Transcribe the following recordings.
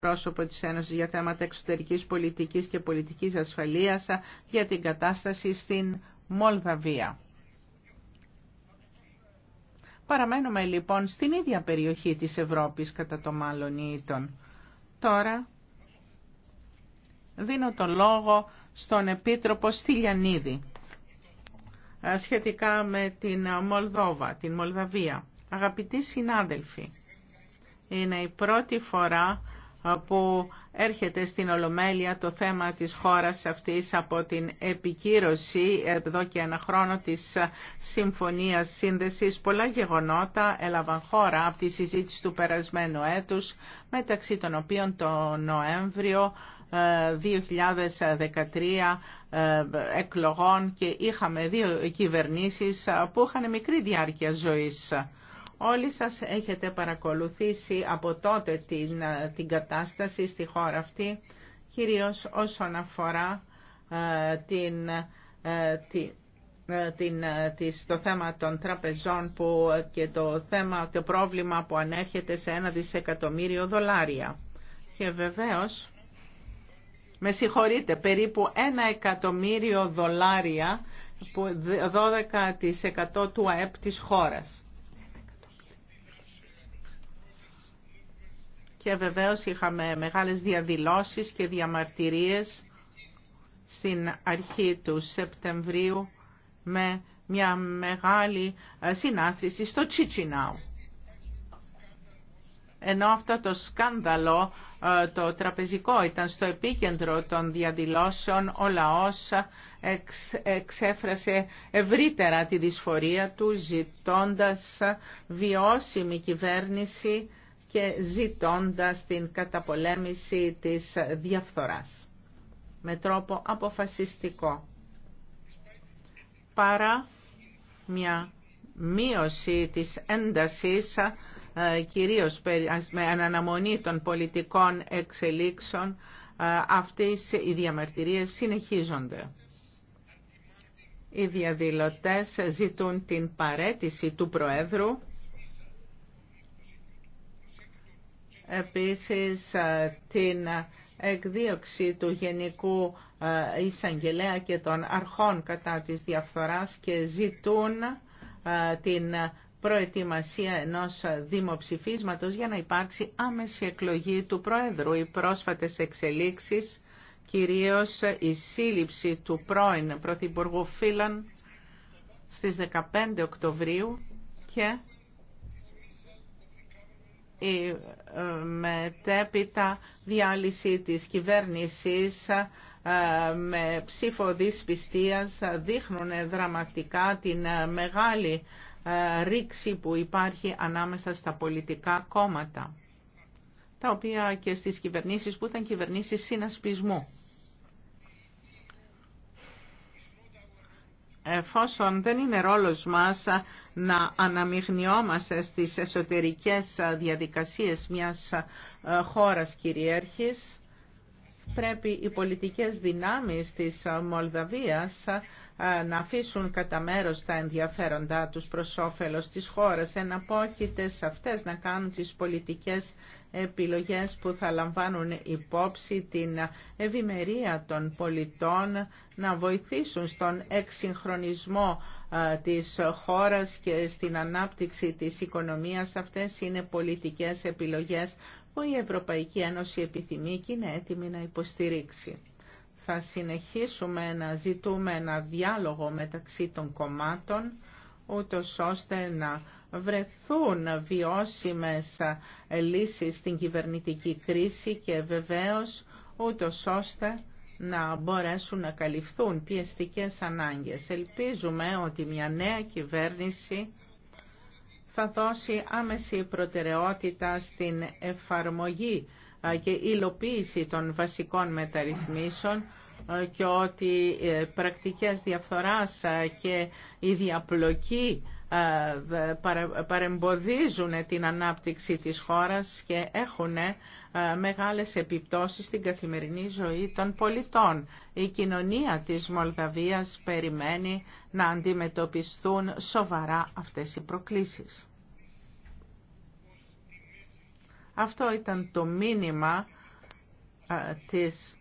πρόσωπο της Ένωσης για θέματα εξωτερικής πολιτικής και πολιτικής ασφαλείας για την κατάσταση στην Μολδαβία. Παραμένουμε λοιπόν στην ίδια περιοχή της Ευρώπης κατά το μάλλον ήτον. Τώρα δίνω το λόγο στον Επίτροπο Στυλιανίδη σχετικά με την Μολδόβα, την Μολδαβία. Αγαπητοί συνάδελφοι, είναι η πρώτη φορά που έρχεται στην Ολομέλεια το θέμα της χώρας αυτής από την επικύρωση εδώ και ένα χρόνο της Συμφωνίας Σύνδεσης. Πολλά γεγονότα έλαβαν χώρα από τη συζήτηση του περασμένου έτους, μεταξύ των οποίων το Νοέμβριο 2013 ε, ε, εκλογών και είχαμε δύο κυβερνήσεις που είχαν μικρή διάρκεια ζωής. Όλοι σας έχετε παρακολουθήσει από τότε την, ε, την κατάσταση στη χώρα αυτή, κυρίως όσον αφορά ε, την, ε, την, το θέμα των τραπεζών που, και το, θέμα, το πρόβλημα που ανέρχεται σε ένα δισεκατομμύριο δολάρια. Και βεβαίως, με συγχωρείτε, περίπου ένα εκατομμύριο δολάρια, που 12% του ΑΕΠ της χώρας. και βεβαίως είχαμε μεγάλες διαδηλώσεις και διαμαρτυρίες στην αρχή του Σεπτεμβρίου με μια μεγάλη ε, συνάθρηση στο Τσιτσινάου. Ενώ αυτό το σκάνδαλο, ε, το τραπεζικό, ήταν στο επίκεντρο των διαδηλώσεων, ο λαός εξέφρασε ευρύτερα τη δυσφορία του, ζητώντας βιώσιμη κυβέρνηση και ζητώντας την καταπολέμηση της διαφθοράς με τρόπο αποφασιστικό παρά μια μείωση της έντασης ε, κυρίως με αναμονή των πολιτικών εξελίξεων ε, αυτές οι διαμαρτυρίες συνεχίζονται. Οι διαδηλωτές ζητούν την παρέτηση του Προέδρου επίσης ε, την εκδίωξη του Γενικού ε, Εισαγγελέα και των αρχών κατά της διαφθοράς και ζητούν ε, την προετοιμασία ενός δημοψηφίσματος για να υπάρξει άμεση εκλογή του Πρόεδρου. Οι πρόσφατες εξελίξεις, κυρίως η σύλληψη του πρώην Πρωθυπουργού Φίλαν στις 15 Οκτωβρίου και η ε, μετέπειτα διάλυση της κυβέρνησης ε, με ψήφο δυσπιστίας δείχνουν δραματικά την ε, μεγάλη ρήξη που υπάρχει ανάμεσα στα πολιτικά κόμματα, τα οποία και στις κυβερνήσεις που ήταν κυβερνήσεις συνασπισμού. εφόσον δεν είναι ρόλος μας να αναμειγνιόμαστε στις εσωτερικές διαδικασίες μιας ε, χώρας κυριέρχης, πρέπει οι πολιτικές δυνάμεις της Μολδαβίας ε, να αφήσουν κατά μέρο τα ενδιαφέροντά τους προς όφελος της χώρας, εναπόκειται σε αυτές να κάνουν τις πολιτικές επιλογές που θα λαμβάνουν υπόψη την ευημερία των πολιτών, να βοηθήσουν στον εξυγχρονισμό ε, της χώρας και στην ανάπτυξη της οικονομίας. Αυτές είναι πολιτικές επιλογές που η Ευρωπαϊκή Ένωση επιθυμεί και είναι έτοιμη να υποστηρίξει θα συνεχίσουμε να ζητούμε ένα διάλογο μεταξύ των κομμάτων, ούτως ώστε να βρεθούν βιώσιμες λύσεις στην κυβερνητική κρίση και βεβαίως ούτως ώστε να μπορέσουν να καλυφθούν πιεστικές ανάγκες. Ελπίζουμε ότι μια νέα κυβέρνηση θα δώσει άμεση προτεραιότητα στην εφαρμογή και υλοποίηση των βασικών μεταρρυθμίσεων και ότι ε, πρακτικές διαφθοράς ε, και η διαπλοκή ε, παρεμποδίζουν την ανάπτυξη της χώρας και έχουν μεγάλες επιπτώσεις στην καθημερινή ζωή των πολιτών. Η κοινωνία της Μολδαβίας περιμένει να αντιμετωπιστούν σοβαρά αυτές οι προκλήσεις. Αυτό ήταν το μήνυμα της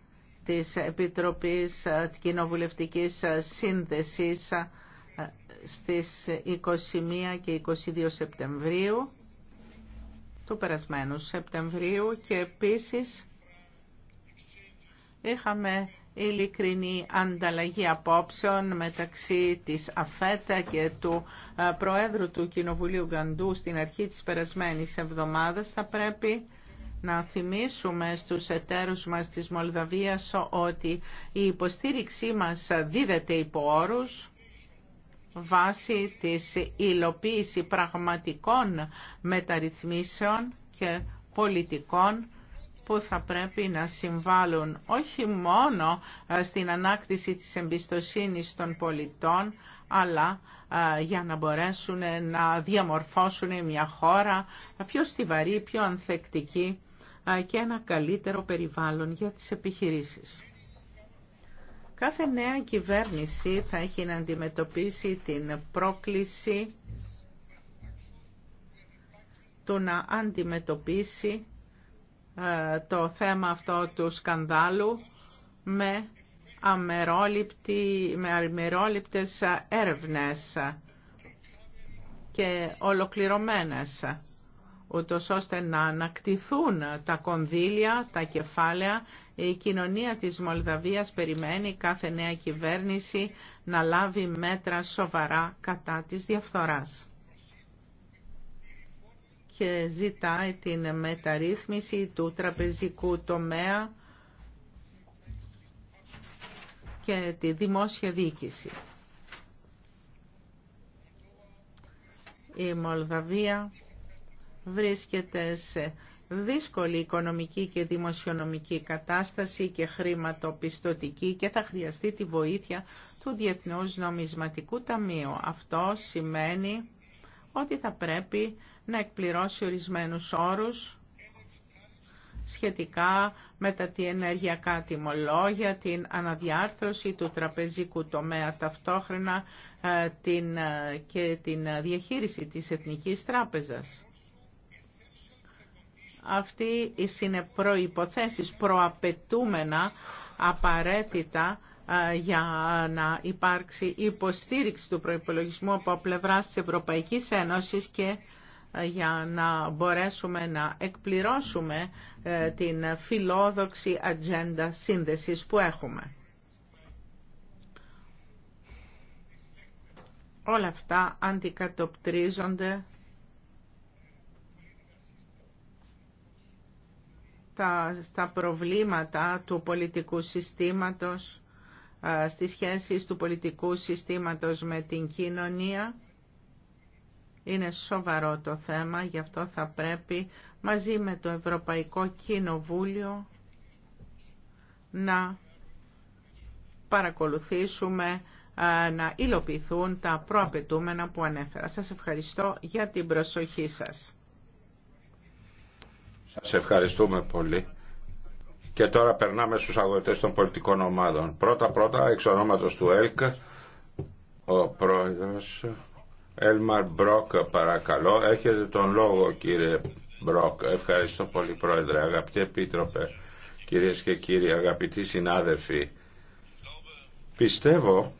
της Επιτροπής Κοινοβουλευτικής Σύνδεσης στις 21 και 22 Σεπτεμβρίου του περασμένου Σεπτεμβρίου και επίσης είχαμε ειλικρινή ανταλλαγή απόψεων μεταξύ της ΑΦΕΤΑ και του ε, Προέδρου του Κοινοβουλίου Γκαντού στην αρχή της περασμένης εβδομάδας θα πρέπει να θυμίσουμε στους εταίρους μας της Μολδαβίας ότι η υποστήριξή μας δίδεται υπό όρους βάσει της υλοποίηση πραγματικών μεταρρυθμίσεων και πολιτικών που θα πρέπει να συμβάλλουν όχι μόνο ε, στην ανάκτηση της εμπιστοσύνης των πολιτών, αλλά ε, για να μπορέσουν να διαμορφώσουν μια χώρα πιο στιβαρή, πιο ανθεκτική και ένα καλύτερο περιβάλλον για τις επιχειρήσεις. Κάθε νέα κυβέρνηση θα έχει να αντιμετωπίσει την πρόκληση του να αντιμετωπίσει το θέμα αυτό του σκανδάλου με, αμερόληπτη, με αμερόληπτες έρευνες και ολοκληρωμένες ούτως ώστε να ανακτηθούν τα κονδύλια, τα κεφάλαια. Η κοινωνία της Μολδαβίας περιμένει κάθε νέα κυβέρνηση να λάβει μέτρα σοβαρά κατά της διαφθοράς και ζητάει την μεταρρύθμιση του τραπεζικού τομέα και τη δημόσια διοίκηση. Η Μολδαβία βρίσκεται σε δύσκολη οικονομική και δημοσιονομική κατάσταση και χρηματοπιστωτική και θα χρειαστεί τη βοήθεια του Διεθνούς Νομισματικού Ταμείου. Αυτό σημαίνει ότι θα πρέπει να εκπληρώσει ορισμένους όρους σχετικά με τα τι ενεργειακά τιμολόγια, την αναδιάρθρωση του τραπεζικού τομέα ταυτόχρονα ε, την, ε, και την ε, διαχείριση της Εθνικής Τράπεζας αυτή είναι προϋποθέσεις προαπαιτούμενα απαραίτητα ε, για να υπάρξει υποστήριξη του προϋπολογισμού από πλευρά της Ευρωπαϊκής Ένωσης και ε, για να μπορέσουμε να εκπληρώσουμε ε, την φιλόδοξη ατζέντα σύνδεσης που έχουμε. Όλα αυτά αντικατοπτρίζονται τα, στα προβλήματα του πολιτικού συστήματος, στις σχέσεις του πολιτικού συστήματος με την κοινωνία. Είναι σοβαρό το θέμα, γι' αυτό θα πρέπει μαζί με το Ευρωπαϊκό Κοινοβούλιο να παρακολουθήσουμε να υλοποιηθούν τα προαπαιτούμενα που ανέφερα. Σας ευχαριστώ για την προσοχή σας σε ευχαριστούμε πολύ. Και τώρα περνάμε στους αγωγητές των πολιτικών ομάδων. Πρώτα-πρώτα, εξ ονόματος του ΕΛΚ, ο πρόεδρος Έλμαρ Μπρόκ, παρακαλώ. Έχετε τον λόγο, κύριε Μπρόκ. Ευχαριστώ πολύ, πρόεδρε. Αγαπητοί επίτροπε, κυρίες και κύριοι, αγαπητοί συνάδελφοι. Πιστεύω,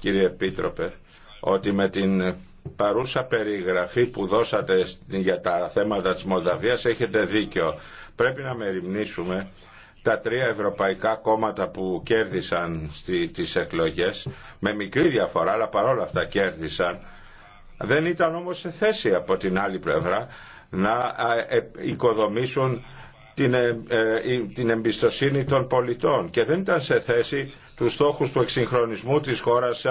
κύριε επίτροπε, ότι με την παρούσα περιγραφή που δώσατε για τα θέματα της Μολδαβίας έχετε δίκιο. Πρέπει να μεριμνήσουμε τα τρία ευρωπαϊκά κόμματα που κέρδισαν στι, τις εκλογές με μικρή διαφορά αλλά παρόλα αυτά κέρδισαν δεν ήταν όμως σε θέση από την άλλη πλευρά να ε, οικοδομήσουν την, ε, ε, την εμπιστοσύνη των πολιτών και δεν ήταν σε θέση τους στόχους του εξυγχρονισμού της χώρας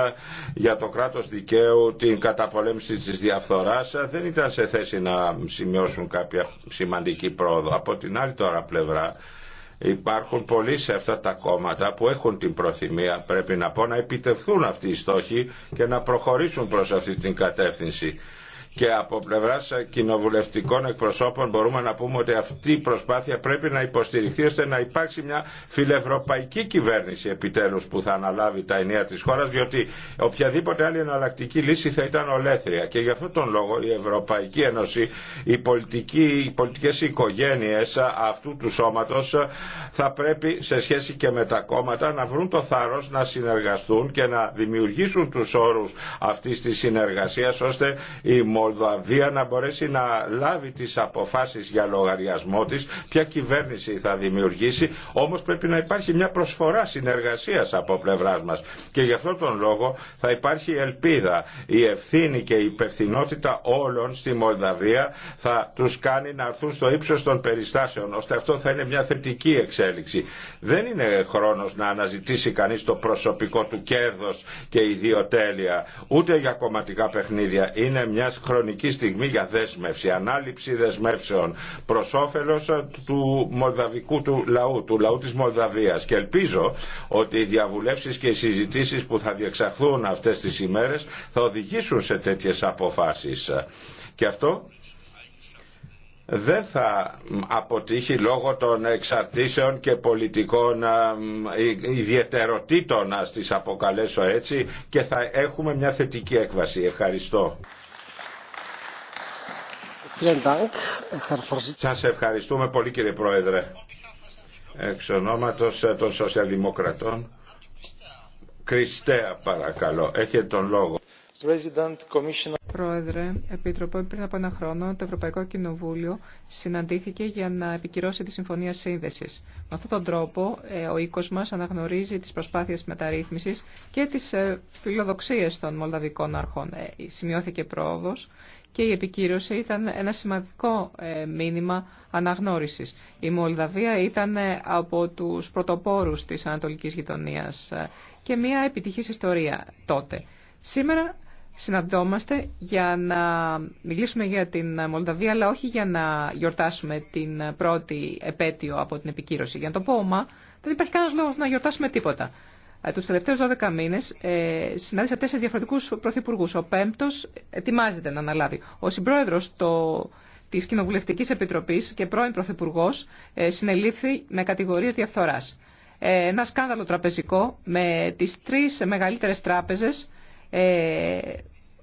για το κράτος δικαίου, την καταπολέμηση της διαφθοράς, δεν ήταν σε θέση να σημειώσουν κάποια σημαντική πρόοδο. Από την άλλη τώρα πλευρά, υπάρχουν πολλοί σε αυτά τα κόμματα που έχουν την προθυμία πρέπει να πω να επιτευχθούν αυτοί οι στόχοι και να προχωρήσουν προς αυτή την κατεύθυνση και από πλευρά κοινοβουλευτικών εκπροσώπων μπορούμε να πούμε ότι αυτή η προσπάθεια πρέπει να υποστηριχθεί ώστε να υπάρξει μια φιλευρωπαϊκή κυβέρνηση επιτέλους που θα αναλάβει τα ενία της χώρας διότι οποιαδήποτε άλλη εναλλακτική λύση θα ήταν ολέθρια και γι' αυτόν τον λόγο η Ευρωπαϊκή Ένωση, οι, πολιτικοί, οι πολιτικές οικογένειες αυτού του σώματος θα πρέπει σε σχέση και με τα κόμματα να βρουν το θάρρος να συνεργαστούν και να δημιουργήσουν τους όρους αυτής της συνεργασίας ώστε η Μολδαβία να μπορέσει να λάβει τις αποφάσεις για λογαριασμό της, ποια κυβέρνηση θα δημιουργήσει, όμως πρέπει να υπάρχει μια προσφορά συνεργασίας από πλευράς μας. Και γι' αυτό τον λόγο θα υπάρχει η ελπίδα. Η ευθύνη και η υπευθυνότητα όλων στη Μολδαβία θα τους κάνει να έρθουν στο ύψος των περιστάσεων, ώστε αυτό θα είναι μια θετική εξέλιξη. Δεν είναι χρόνος να αναζητήσει κανείς το προσωπικό του κέρδος και ιδιοτέλεια, ούτε για κομματικά παιχνίδια. Είναι μιας χρονική στιγμή για δέσμευση, ανάληψη δεσμεύσεων προ όφελο ε, του μολδαβικού του λαού, του λαού τη Μολδαβία. Και ελπίζω ότι οι διαβουλεύσει και οι συζητήσει που θα διεξαχθούν αυτέ τι ημέρε θα οδηγήσουν σε τέτοιε αποφάσει. Και αυτό δεν θα αποτύχει λόγω των εξαρτήσεων και πολιτικών ε, ε, ιδιαιτεροτήτων, να στις αποκαλέσω έτσι, και θα έχουμε μια θετική έκβαση. Ευχαριστώ. Σας ευχαριστούμε πολύ κύριε Πρόεδρε. Εξ ονόματος ε, των Σοσιαλδημοκρατών, Κριστέα παρακαλώ, έχετε τον λόγο. Πρόεδρε, Επίτροπο, πριν από ένα χρόνο το Ευρωπαϊκό Κοινοβούλιο συναντήθηκε για να επικυρώσει τη Συμφωνία Σύνδεση. Με αυτόν τον τρόπο, ε, ο οίκο μα αναγνωρίζει τι προσπάθειε μεταρρύθμιση και τι ε, φιλοδοξίε των μολδαβικών αρχών. Σημειώθηκε πρόοδο και η επικύρωση ήταν ένα σημαντικό ε, μήνυμα αναγνώρισης. Η Μολδαβία ήταν ε, από τους πρωτοπόρους της Ανατολικής Γειτονίας ε, και μια επιτυχής ιστορία τότε. Σήμερα συναντώμαστε για να μιλήσουμε για την Μολδαβία, αλλά όχι για να γιορτάσουμε την πρώτη επέτειο από την επικύρωση. Για να το πω, μα δεν υπάρχει κανένας λόγος να γιορτάσουμε τίποτα. Ε, τους τελευταίους 12 μήνες ε, συνάντησα τέσσερις διαφορετικούς πρωθυπουργούς. Ο πέμπτος ετοιμάζεται να αναλάβει. Ο συμπρόεδρος τη της Κοινοβουλευτικής Επιτροπής και πρώην πρωθυπουργός ε, συνελήφθη με κατηγορίες διαφθοράς. Ε, ένα σκάνδαλο τραπεζικό με τις τρεις μεγαλύτερες τράπεζες ε,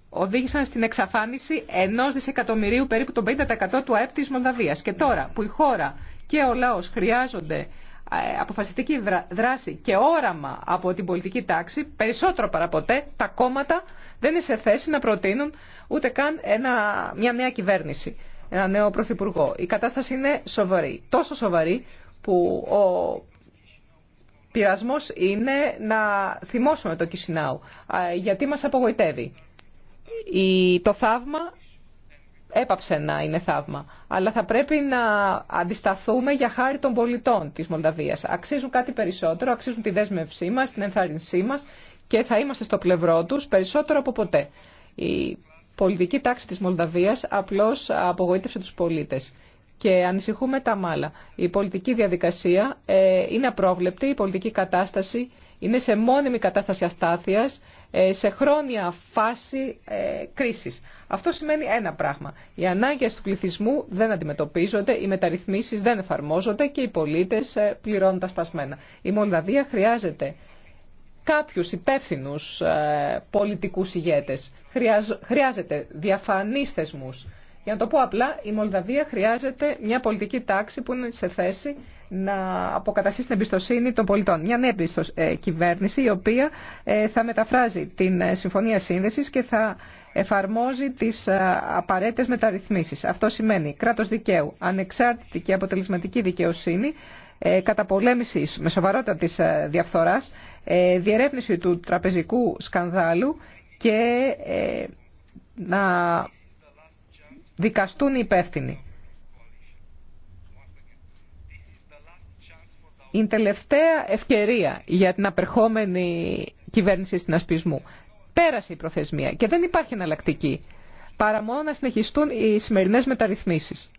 οδήγησαν στην εξαφάνιση ενός δισεκατομμυρίου περίπου το 50% του ΑΕΠ της Μολδαβίας. Και τώρα που η χώρα και ο λαός χρειάζονται ε, αποφασιστική δράση και όραμα από την πολιτική τάξη, περισσότερο παραποτέ τα κόμματα δεν είναι σε θέση να προτείνουν ούτε καν ένα, μια νέα κυβέρνηση, ένα νέο πρωθυπουργό. Η κατάσταση είναι σοβαρή, τόσο σοβαρή που ο πειρασμός είναι να θυμώσουμε το Κισινάου, γιατί μας απογοητεύει. το θαύμα έπαψε να είναι θαύμα. Αλλά θα πρέπει να αντισταθούμε για χάρη των πολιτών της Μολδαβίας. Αξίζουν κάτι περισσότερο, αξίζουν τη δέσμευσή μας, την ενθάρρυνσή μας και θα είμαστε στο πλευρό τους περισσότερο από ποτέ. Η πολιτική τάξη της Μολδαβίας απλώς απογοήτευσε τους πολίτες και ανησυχούμε τα μάλα. Η πολιτική διαδικασία ε, είναι απρόβλεπτη, η πολιτική κατάσταση είναι σε μόνιμη κατάσταση αστάθειας ε, σε χρόνια φάση ε, κρίσης. Αυτό σημαίνει ένα πράγμα. Οι ανάγκες του πληθυσμού δεν αντιμετωπίζονται, οι μεταρρυθμίσεις δεν εφαρμόζονται και οι πολίτες ε, πληρώνουν τα σπασμένα. Η Μολδαβία χρειάζεται κάποιους υπεύθυνου πολιτικούς ηγέτες. Χρειάζεται διαφανείς θεσμούς. Για να το πω απλά, η Μολδαβία χρειάζεται μια πολιτική τάξη που είναι σε θέση να αποκαταστήσει την εμπιστοσύνη των πολιτών. Μια νέα ε, κυβέρνηση η οποία ε, θα μεταφράζει την ε, Συμφωνία Σύνδεσης και θα εφαρμόζει τις απαραίτητες μεταρρυθμίσεις. Αυτό σημαίνει κράτος δικαίου, ανεξάρτητη και αποτελεσματική δικαιοσύνη, καταπολέμηση με σοβαρότητα της διαφθοράς, διερεύνηση του τραπεζικού σκανδάλου και να δικαστούν οι υπεύθυνοι. Είναι τελευταία ευκαιρία για την απερχόμενη κυβέρνηση συνασπισμού. Πέρασε η προθεσμία και δεν υπάρχει εναλλακτική παρά μόνο να συνεχιστούν οι σημερινές μεταρρυθμίσεις.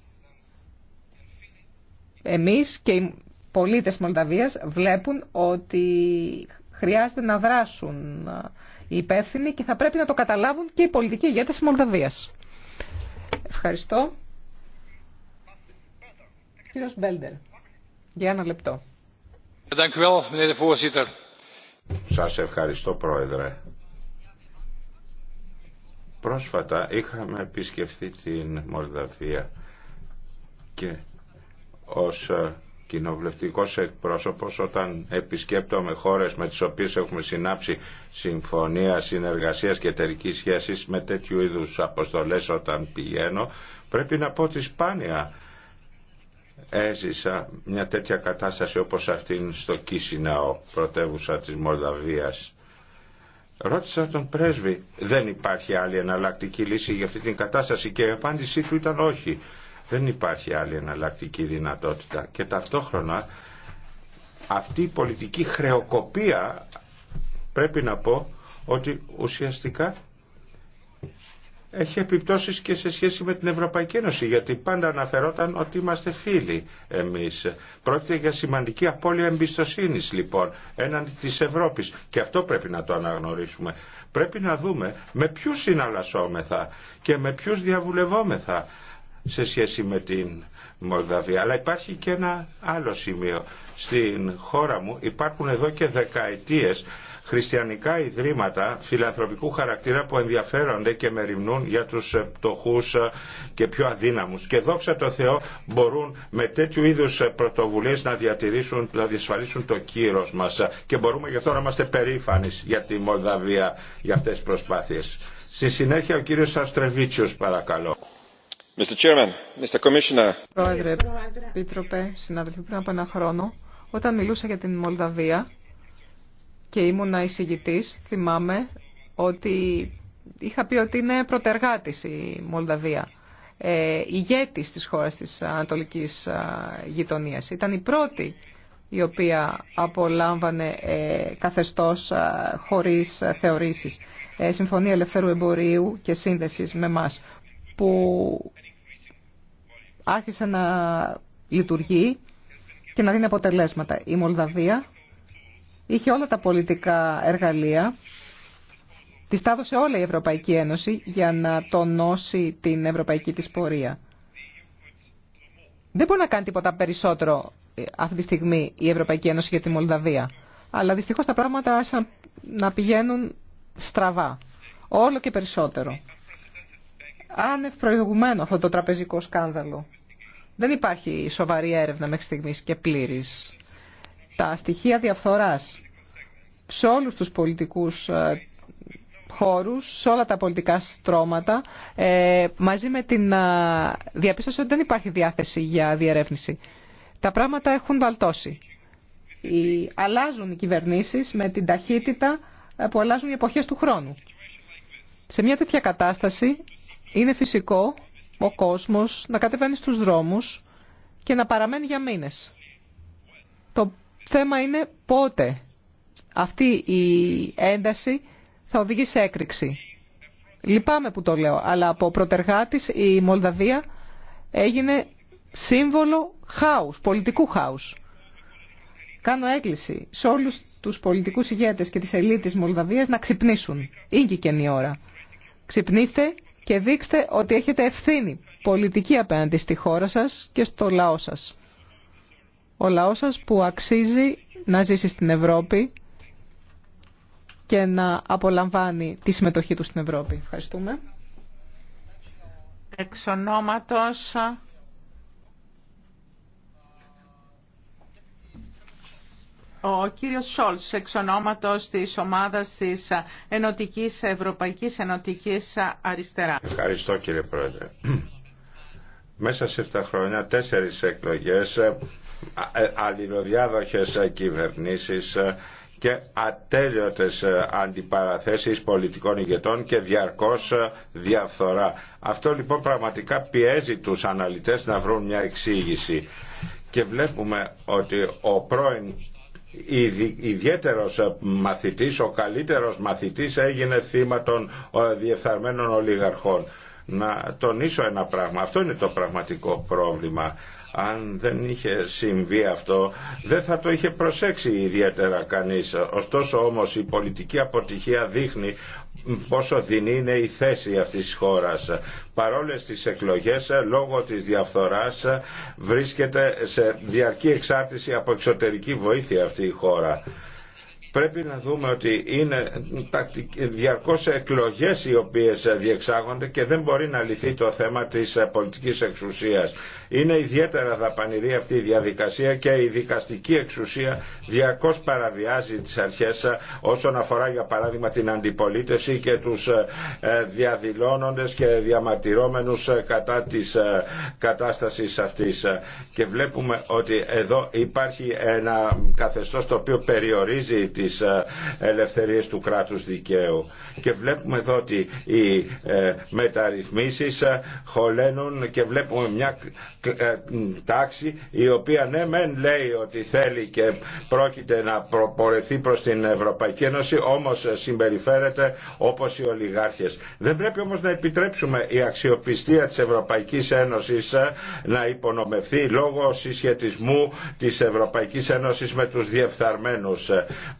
Εμείς και οι πολίτες Μολδαβίας βλέπουν ότι χρειάζεται να δράσουν οι υπεύθυνοι και θα πρέπει να το καταλάβουν και οι πολιτικοί ηγέτες της Μολδαβίας. Ευχαριστώ. Κύριος Μπέλντερ, για ένα λεπτό. Σας ευχαριστώ Πρόεδρε. Πρόσφατα είχαμε επισκεφθεί την Μολδαβία και ως ε, κοινοβουλευτικός εκπρόσωπος όταν επισκέπτομαι χώρες με τις οποίες έχουμε συνάψει συμφωνία, συνεργασίας και εταιρική σχέσης με τέτοιου είδους αποστολές όταν πηγαίνω πρέπει να πω ότι σπάνια έζησα μια τέτοια κατάσταση όπως αυτήν στο Κίσιναο, πρωτεύουσα της Μολδαβίας. Ρώτησα τον πρέσβη, δεν υπάρχει άλλη εναλλακτική λύση για αυτή την κατάσταση και η απάντησή του ήταν όχι. Δεν υπάρχει άλλη εναλλακτική δυνατότητα. Και ταυτόχρονα αυτή η πολιτική χρεοκοπία πρέπει να πω ότι ουσιαστικά έχει επιπτώσεις και σε σχέση με την Ευρωπαϊκή Ένωση, γιατί πάντα αναφερόταν ότι είμαστε φίλοι εμείς. Πρόκειται για σημαντική απώλεια εμπιστοσύνης λοιπόν έναντι της Ευρώπης και αυτό πρέπει να το αναγνωρίσουμε. Πρέπει να δούμε με ποιους συναλλασσόμεθα και με ποιους διαβουλευόμεθα σε σχέση με την Μολδαβία. Αλλά υπάρχει και ένα άλλο σημείο. Στην χώρα μου υπάρχουν εδώ και δεκαετίες χριστιανικά ιδρύματα φιλανθρωπικού χαρακτήρα που ενδιαφέρονται και μεριμνούν για τους ε, πτωχούς ε, και πιο αδύναμους. Και δόξα τω Θεώ μπορούν με τέτοιου είδους ε, πρωτοβουλίες να διατηρήσουν, να διασφαλίσουν το κύρος μας και μπορούμε γι' αυτό να είμαστε περήφανοι για τη Μολδαβία για αυτές τις προσπάθειες. Στη συνέχεια ο κύριος Αστρεβίτσιος παρακαλώ. Mr. Chairman, Mr. Commissioner. Πρόεδρε, Επίτροπε, συνάδελφοι, πριν από ένα χρόνο, όταν μιλούσα για την Μολδαβία, και ήμουνα εισηγητής, θυμάμαι ότι είχα πει ότι είναι πρωτεργάτης η Μολδαβία. Ε, ηγέτης της χώρας της Ανατολικής ε, Γειτονίας. Ήταν η πρώτη η οποία απολάμβανε ε, καθεστώς ε, χωρίς θεωρήσεις. Ε, Συμφωνία Ελευθέρου Εμπορίου και Σύνδεσης με μας που άρχισε να λειτουργεί και να δίνει αποτελέσματα. Η Μολδαβία είχε όλα τα πολιτικά εργαλεία, τις τα έδωσε όλα η Ευρωπαϊκή Ένωση για να τονώσει την ευρωπαϊκή της πορεία. Δεν μπορεί να κάνει τίποτα περισσότερο ε, αυτή τη στιγμή η Ευρωπαϊκή Ένωση για τη Μολδαβία. Αλλά δυστυχώς τα πράγματα άρχισαν να πηγαίνουν στραβά. Όλο και περισσότερο. Άνευ προηγουμένο αυτό το τραπεζικό σκάνδαλο. Δεν υπάρχει σοβαρή έρευνα μέχρι στιγμής και πλήρης. Τα στοιχεία διαφθοράς σε όλους τους πολιτικούς ε, χώρους, σε όλα τα πολιτικά στρώματα, ε, μαζί με την ε, διαπίστωση ότι δεν υπάρχει διάθεση για διερεύνηση. Τα πράγματα έχουν βαλτώσει. Οι, αλλάζουν οι κυβερνήσεις με την ταχύτητα που αλλάζουν οι εποχές του χρόνου. Σε μια τέτοια κατάσταση είναι φυσικό ο κόσμος να κατεβαίνει στους δρόμους και να παραμένει για μήνες. Το θέμα είναι πότε αυτή η ένταση θα οδηγεί σε έκρηξη. Λυπάμαι που το λέω, αλλά από προτεργάτης η Μολδαβία έγινε σύμβολο χάους, πολιτικού χάους. Κάνω έκκληση σε όλους τους πολιτικούς ηγέτες και τις ελίτ της Μολδαβίας να ξυπνήσουν. Ήγηκε η ώρα. Ξυπνήστε και δείξτε ότι έχετε ευθύνη πολιτική απέναντι στη χώρα σας και στο λαό σας. Ο λαός σας που αξίζει να ζήσει στην Ευρώπη και να απολαμβάνει τη συμμετοχή του στην Ευρώπη. Ευχαριστούμε. Εξ ονόματος ο κύριος Σόλτς εξ ονόματος της ομάδας της Ενωτικής Ευρωπαϊκής Ενωτικής Αριστεράς. Ευχαριστώ κύριε Πρόεδρε. Μέσα σε 7 χρόνια τέσσερις εκλογές ε, αλληλοδιάδοχες κυβερνήσεις και ατέλειωτες ε, αντιπαραθέσεις πολιτικών ηγετών και διαρκώς ε, διαφθορά. Αυτό λοιπόν πραγματικά πιέζει τους αναλυτές να βρουν μια εξήγηση. Και βλέπουμε ότι ο πρώην ιδιαίτερος ε, μαθητής, ο καλύτερος μαθητής έγινε θύμα των διεφθαρμένων ολιγαρχών. Να τονίσω ένα πράγμα. Αυτό είναι το πραγματικό πρόβλημα. Αν δεν είχε συμβεί αυτό δεν θα το είχε προσέξει ιδιαίτερα κανείς. Ωστόσο όμως η πολιτική αποτυχία δείχνει πόσο δεινή είναι η θέση αυτής της χώρας. Παρόλες τις εκλογές, λόγω της διαφθοράς, βρίσκεται σε διαρκή εξάρτηση από εξωτερική βοήθεια αυτή η χώρα πρέπει να δούμε ότι είναι διαρκώς εκλογές οι οποίες διεξάγονται και δεν μπορεί να λυθεί το θέμα της πολιτικής εξουσίας. Είναι ιδιαίτερα δαπανηρή αυτή η διαδικασία και η δικαστική εξουσία διαρκώς παραβιάζει τις αρχές όσον αφορά για παράδειγμα την αντιπολίτευση και τους ε, διαδηλώνοντες και διαμαρτυρόμενους κατά της ε, κατάστασης αυτής. Και βλέπουμε ότι εδώ υπάρχει ένα καθεστώς το οποίο περιορίζει τις ε, ελευθερίες του κράτους δικαίου. Και βλέπουμε εδώ ότι οι ε, μεταρρυθμίσεις ε, χωλένουν και βλέπουμε μια τάξη η οποία ναι μεν λέει ότι θέλει και πρόκειται να προπορεθεί προς την Ευρωπαϊκή Ένωση όμως συμπεριφέρεται όπως οι ολιγάρχες. Δεν πρέπει όμως να επιτρέψουμε η αξιοπιστία της Ευρωπαϊκής Ένωσης να υπονομευθεί λόγω συσχετισμού της Ευρωπαϊκής Ένωσης με τους διεφθαρμένους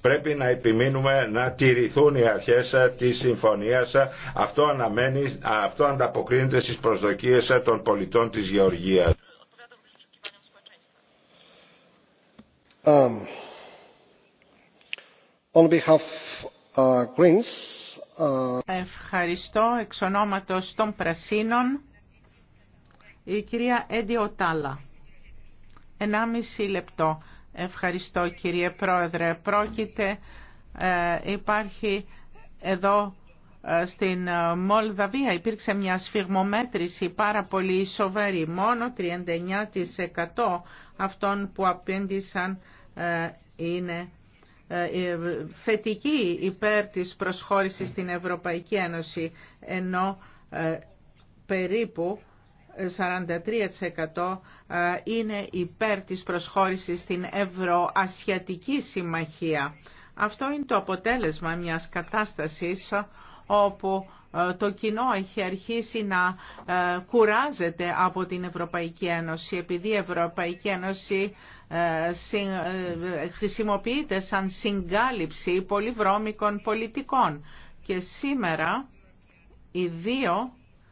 πρέπει να επιμείνουμε να τηρηθούν οι αρχές της συμφωνίας. Αυτό, αναμένει, αυτό ανταποκρίνεται στις προσδοκίες των πολιτών της Γεωργίας. Um, on behalf uh, Greens, uh, Ευχαριστώ εξ των Πρασίνων η κυρία Έντι Οτάλα. Ενάμιση λεπτό. Ευχαριστώ κύριε Πρόεδρε. Πρόκειται, ε, υπάρχει εδώ ε, στην ε, Μολδαβία υπήρξε μια σφιγμομέτρηση πάρα πολύ σοβαρή. Μόνο 39% αυτών που απέντησαν είναι θετική υπέρ της προσχώρησης στην Ευρωπαϊκή Ένωση, ενώ περίπου 43% ε, είναι υπέρ της προσχώρησης στην Ευρωασιατική Συμμαχία. Αυτό είναι το αποτέλεσμα μιας κατάστασης όπου ε, το κοινό έχει αρχίσει να ε, κουράζεται από την Ευρωπαϊκή Ένωση επειδή η Ευρωπαϊκή Ένωση χρησιμοποιείται σαν συγκάλυψη πολυβρώμικων πολιτικών. Και σήμερα οι δύο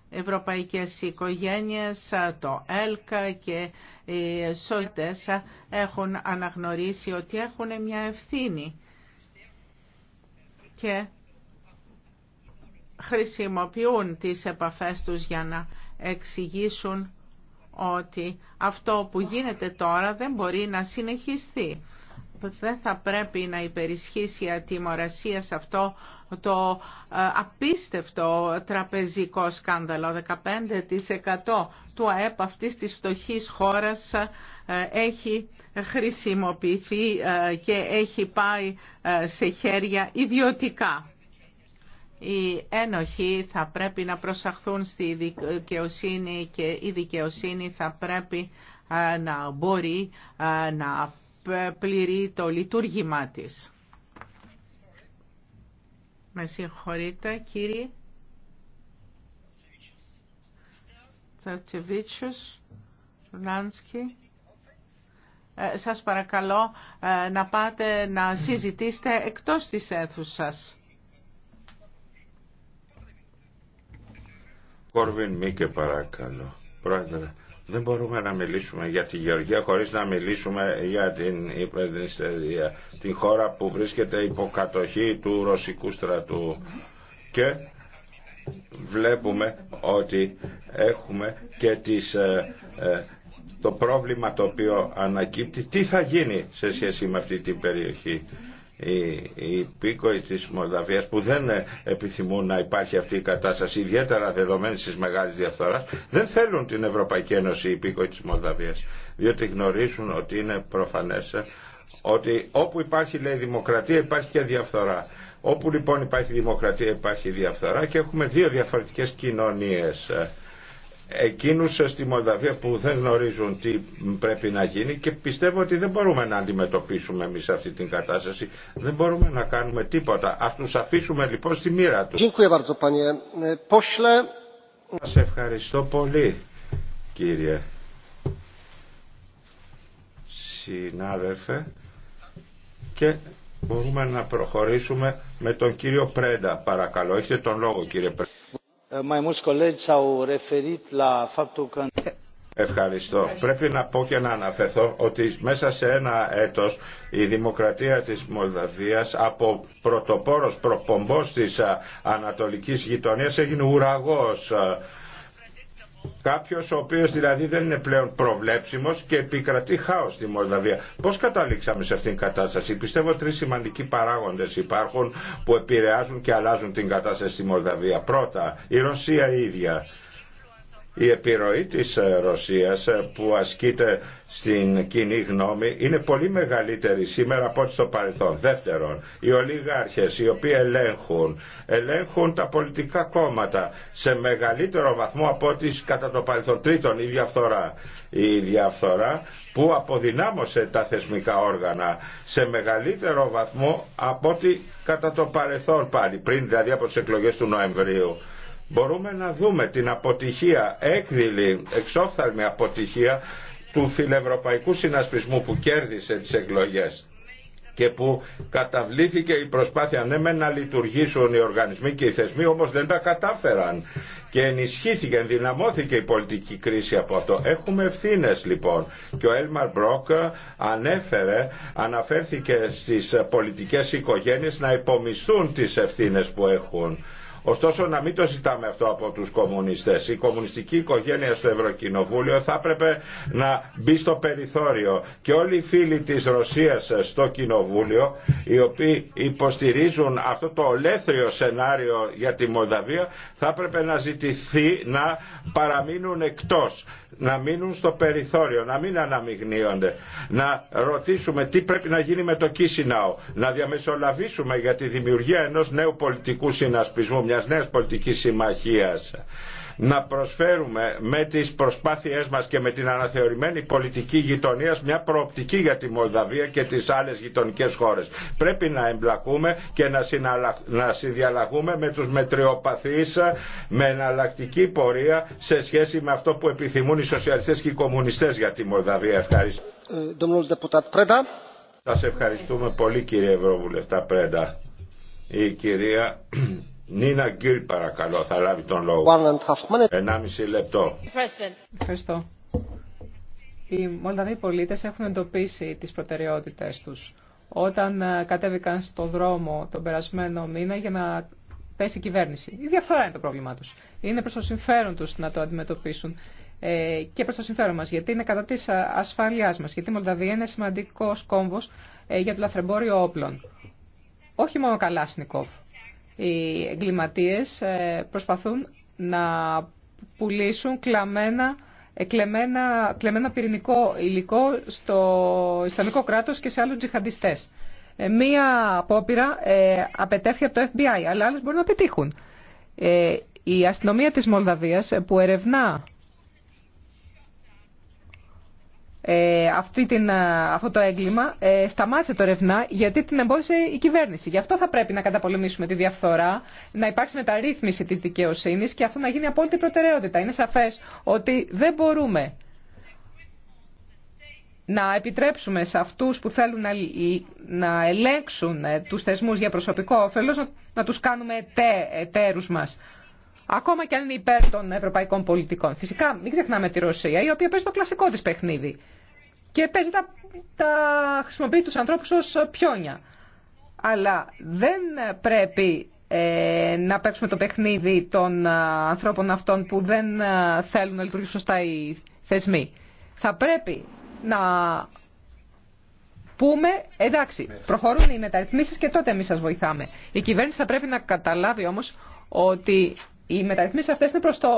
ευρωπαϊκές οικογένειες, το ΕΛΚΑ και οι ΣΟΙΤΕΣ έχουν αναγνωρίσει ότι έχουν μια ευθύνη και χρησιμοποιούν τις επαφές τους για να εξηγήσουν ότι αυτό που γίνεται τώρα δεν μπορεί να συνεχιστεί δεν θα πρέπει να υπερισχύσει η ατιμορρασία σε αυτό το ε, απίστευτο τραπεζικό σκάνδαλο. 15% του ΑΕΠ αυτής της φτωχής χώρας ε, έχει χρησιμοποιηθεί ε, και έχει πάει σε χέρια ιδιωτικά. Οι ένοχοι θα πρέπει να προσαχθούν στη δικαιοσύνη και η δικαιοσύνη θα πρέπει να μπορεί να πληρεί το λειτουργήμά της. Με συγχωρείτε κύριε Θερτσεβίτσιος, Ρουνάνσκι. Ε, σας παρακαλώ ε, να πάτε να συζητήσετε εκτός της αίθουσας. Κόρβιν και παρακαλώ. Πρόεδρε, δεν μπορούμε να μιλήσουμε για τη Γεωργία χωρίς να μιλήσουμε για την την χώρα που βρίσκεται υπό κατοχή του Ρωσικού στρατού. Και βλέπουμε ότι έχουμε και τις, ε, ε, το πρόβλημα το οποίο ανακύπτει. Τι θα γίνει σε σχέση με αυτή την περιοχή οι υπήκοοι της Μολδαβίας που δεν επιθυμούν να υπάρχει αυτή η κατάσταση ιδιαίτερα δεδομένη της μεγάλης διαφθοράς δεν θέλουν την Ευρωπαϊκή Ένωση οι υπήκοοι της Μολδαβίας διότι γνωρίζουν ότι είναι προφανές ότι όπου υπάρχει λέει δημοκρατία υπάρχει και διαφθορά όπου λοιπόν υπάρχει δημοκρατία υπάρχει διαφθορά και έχουμε δύο διαφορετικές κοινωνίες εκείνους στη Μολδαβία που δεν γνωρίζουν τι πρέπει να γίνει και πιστεύω ότι δεν μπορούμε να αντιμετωπίσουμε εμείς αυτή την κατάσταση. Δεν μπορούμε να κάνουμε τίποτα. Ας τους αφήσουμε λοιπόν στη μοίρα τους. Ε, Σας ευχαριστώ πολύ κύριε συνάδελφε και μπορούμε να προχωρήσουμε με τον κύριο Πρέντα παρακαλώ. Έχετε τον λόγο κύριε Πρέντα. Ε, mai mulți colegi s-au referit la faptul Ευχαριστώ. Πρέπει να πω και να αναφερθώ ότι μέσα σε ένα έτος η δημοκρατία της Μολδαβίας από πρωτοπόρος προπομπός της ε, ανατολικής γειτονίας έγινε ουραγός ε, Κάποιο, ο οποίο δηλαδή δεν είναι πλέον προβλέψιμος και επικρατεί χάο στη Μολδαβία. Πώς καταλήξαμε σε αυτήν την κατάσταση. Πιστεύω τρεις σημαντικοί παράγοντες υπάρχουν που επηρεάζουν και αλλάζουν την κατάσταση στη Μολδαβία. Πρώτα, η Ρωσία ίδια η επιρροή της ε, Ρωσίας ε, που ασκείται στην κοινή γνώμη είναι πολύ μεγαλύτερη σήμερα από ό,τι στο παρελθόν. Δεύτερον, οι ολιγάρχες οι οποίοι ελέγχουν, ελέγχουν τα πολιτικά κόμματα σε μεγαλύτερο βαθμό από ό,τι κατά το παρελθόν. Τρίτον, η διαφθορά. Η διαφθορά που αποδυνάμωσε τα θεσμικά όργανα σε μεγαλύτερο βαθμό από ό,τι κατά το παρελθόν πάλι, πριν δηλαδή από τις εκλογές του Νοεμβρίου μπορούμε να δούμε την αποτυχία, έκδηλη, εξόφθαλμη αποτυχία του φιλευρωπαϊκού συνασπισμού που κέρδισε τις εκλογές και που καταβλήθηκε η προσπάθεια ναι με να λειτουργήσουν οι οργανισμοί και οι θεσμοί όμως δεν τα κατάφεραν και ενισχύθηκε, ενδυναμώθηκε η πολιτική κρίση από αυτό. Έχουμε ευθύνε λοιπόν και ο Έλμαρ Μπρόκ ανέφερε, αναφέρθηκε στις πολιτικές οικογένειες να υπομισθούν τις ευθύνε που έχουν Ωστόσο να μην το ζητάμε αυτό από τους κομμουνιστές. Η κομμουνιστική οικογένεια στο Ευρωκοινοβούλιο θα έπρεπε να μπει στο περιθώριο και όλοι οι φίλοι της Ρωσίας στο Κοινοβούλιο οι οποίοι υποστηρίζουν αυτό το ολέθριο σενάριο για τη Μολδαβία θα έπρεπε να ζητηθεί να παραμείνουν εκτός να μείνουν στο περιθώριο, να μην αναμειγνύονται. Να ρωτήσουμε τι πρέπει να γίνει με το Κίσιναο, να διαμεσολαβήσουμε για τη δημιουργία ενός νέου πολιτικού συνασπισμού, μιας νέας πολιτικής συμμαχίας να προσφέρουμε με τις προσπάθειές μας και με την αναθεωρημένη πολιτική γειτονίας μια προοπτική για τη Μολδαβία και τις άλλες γειτονικές χώρες. Πρέπει να εμπλακούμε και να, να συνδιαλλαγούμε με τους μετριοπαθείς με εναλλακτική πορεία σε σχέση με αυτό που επιθυμούν οι σοσιαλιστές και οι κομμουνιστές για τη Μολδαβία. Ευχαριστώ. Ε, Σας ευχαριστούμε πολύ κύριε Ευρωβουλευτά Πρέντα. Νίνα Γκυλ παρακαλώ θα λάβει τον λόγο. 1,5 λεπτό. Ευχαριστώ. Οι Μολδαβοί πολίτες έχουν εντοπίσει τις προτεραιότητες τους. Όταν ε, κατέβηκαν στον δρόμο τον περασμένο μήνα για να πέσει η κυβέρνηση. Η διαφορά είναι το πρόβλημά τους. Είναι προς το συμφέρον τους να το αντιμετωπίσουν ε, και προς το συμφέρον μας, γιατί είναι κατά της ε, ασφάλειάς μας, γιατί η Μολδαβία είναι σημαντικός κόμβος για το λαθρεμπόριο όπλων. Όχι μόνο Καλάσνικοφ, οι εγκληματίες ε, προσπαθούν να πουλήσουν κλαμμένα, ε, κλεμμένα, κλεμμένα πυρηνικό υλικό στο Ισλαμικό κράτος και σε άλλους τζιχαντιστές. Ε, μία απόπειρα απαιτεύχει από το FBI, αλλά άλλες μπορούν να πετύχουν. η αστυνομία της Μολδαβίας που ερευνά Ε, αυτή την, ε, αυτό το έγκλημα, ε, σταμάτησε το ρευνά γιατί την εμπόδισε η κυβέρνηση. Γι' αυτό θα πρέπει να καταπολεμήσουμε τη διαφθορά, να υπάρξει μεταρρύθμιση της δικαιοσύνης και αυτό να γίνει απόλυτη προτεραιότητα. Είναι σαφές ότι δεν μπορούμε να επιτρέψουμε σε αυτούς που θέλουν να, να ελέγξουν τους θεσμούς για προσωπικό όφελος να, να τους κάνουμε εταίρους μας ακόμα και αν είναι υπέρ των ευρωπαϊκών πολιτικών. Φυσικά, μην ξεχνάμε τη Ρωσία, η οποία παίζει το κλασικό τη παιχνίδι. Και παίζει τα, χρησιμοποιεί του ανθρώπου ω πιόνια. Αλλά δεν πρέπει ε, να παίξουμε το παιχνίδι των ε, ανθρώπων αυτών που δεν ε, θέλουν να λειτουργήσουν σωστά οι θεσμοί. Θα πρέπει να πούμε, εντάξει, προχωρούν οι μεταρρυθμίσεις και τότε εμείς σας βοηθάμε. Η κυβέρνηση θα πρέπει να καταλάβει όμως ότι οι μεταρρυθμίσεις αυτές είναι προς, το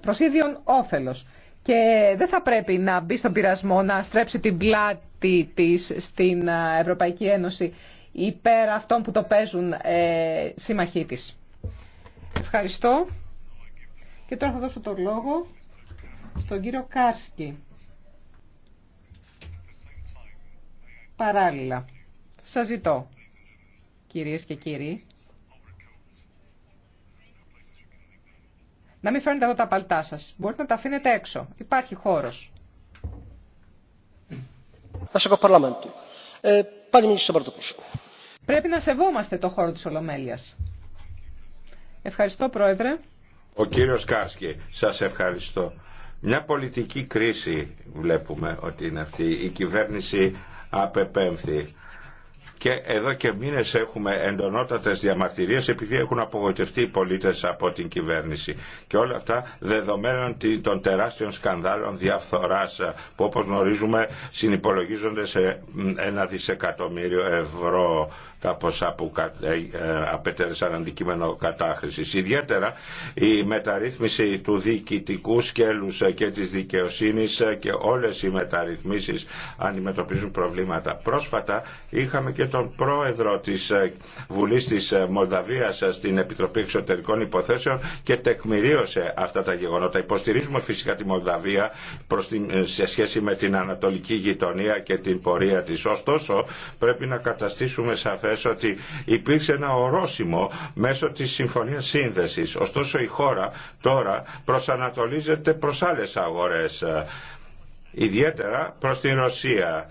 προς ίδιον όφελος και δεν θα πρέπει να μπει στον πειρασμό να στρέψει την πλάτη της στην ε, Ευρωπαϊκή Ένωση υπέρ αυτών που το παίζουν ε, σύμμαχοί της. Ευχαριστώ. Και τώρα θα δώσω το λόγο στον κύριο Κάρσκι. Παράλληλα. Σας ζητώ, κυρίες και κύριοι, Να μην φέρνετε εδώ τα παλτά σα. Μπορείτε να τα αφήνετε έξω. Υπάρχει χώρος. E, Πρέπει να σεβόμαστε το χώρο τη Ολομέλειας. Ευχαριστώ, Πρόεδρε. Ο κύριο Κάσκι, σα ευχαριστώ. Μια πολιτική κρίση βλέπουμε ότι είναι αυτή. Η κυβέρνηση απεπέμφθη και εδώ και μήνες έχουμε εντονότατες διαμαρτυρίες επειδή έχουν απογοητευτεί οι πολίτες από την κυβέρνηση. Και όλα αυτά δεδομένων των τεράστιων σκανδάλων διαφθοράς ε, που όπως γνωρίζουμε συνυπολογίζονται σε ένα δισεκατομμύριο ευρώ κάπως από, ε, ε, απετέλεσαν αντικείμενο κατάχρησης. Ιδιαίτερα η μεταρρύθμιση του διοικητικού σκέλους και της δικαιοσύνης και όλες οι μεταρρυθμίσεις αντιμετωπίζουν προβλήματα. Πρόσφατα είχαμε και τον πρόεδρο της ε, Βουλής της Μολδαβίας στην Επιτροπή Εξωτερικών Υποθέσεων και τεκμηρίωσε αυτά τα γεγονότα. Υποστηρίζουμε φυσικά τη Μολδαβία προς την, σε σχέση με την ανατολική γειτονία και την πορεία τη, Ωστόσο πρέπει να καταστήσουμε σαφέ ότι υπήρξε ένα ορόσημο μέσω της συμφωνίας σύνδεσης. Ωστόσο η χώρα τώρα προσανατολίζεται προς άλλες αγορές, ε, ιδιαίτερα προς την Ρωσία.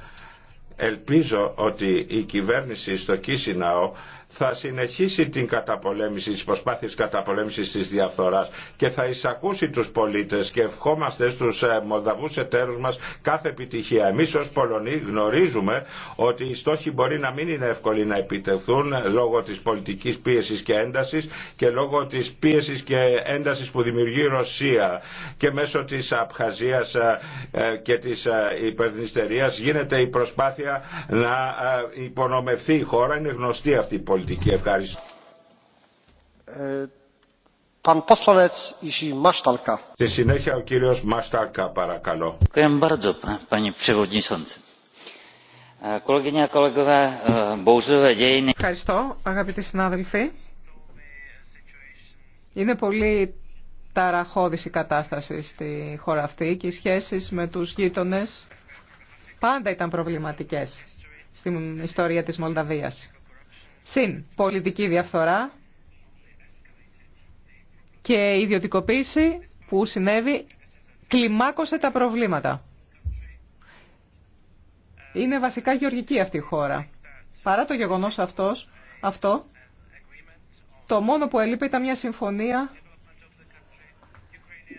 Ελπίζω ότι η κυβέρνηση στο Κίσιναο θα συνεχίσει την καταπολέμηση, τις προσπάθειες καταπολέμησης της διαφθοράς και θα εισακούσει τους πολίτες και ευχόμαστε στους ε, μολδαβούς εταίρους μας κάθε επιτυχία. Εμείς ως Πολωνοί γνωρίζουμε ότι οι στόχοι μπορεί να μην είναι εύκολοι να επιτευχθούν λόγω της πολιτικής πίεσης και έντασης και λόγω της πίεσης και έντασης που δημιουργεί η Ρωσία και μέσω της Απχαζίας ε, ε, και της υπερνηστερίας γίνεται η προσπάθεια να υπονομευθεί η χώρα. Είναι γνωστή αυτή η πολιτική πολιτική. Ευχαριστώ. Ε, στη συνέχεια ο κύριος Μαστάλκα παρακαλώ. E, e, Ευχαριστώ αγαπητοί συνάδελφοι. Είναι πολύ ταραχώδης η κατάσταση στη χώρα αυτή και οι σχέσεις με τους γείτονες πάντα ήταν προβληματικές στην ιστορία της Μολδαβίας συν πολιτική διαφθορά και η ιδιωτικοποίηση που συνέβη κλιμάκωσε τα προβλήματα. Είναι βασικά γεωργική αυτή η χώρα. Παρά το γεγονός αυτός, αυτό, το μόνο που έλειπε ήταν μια συμφωνία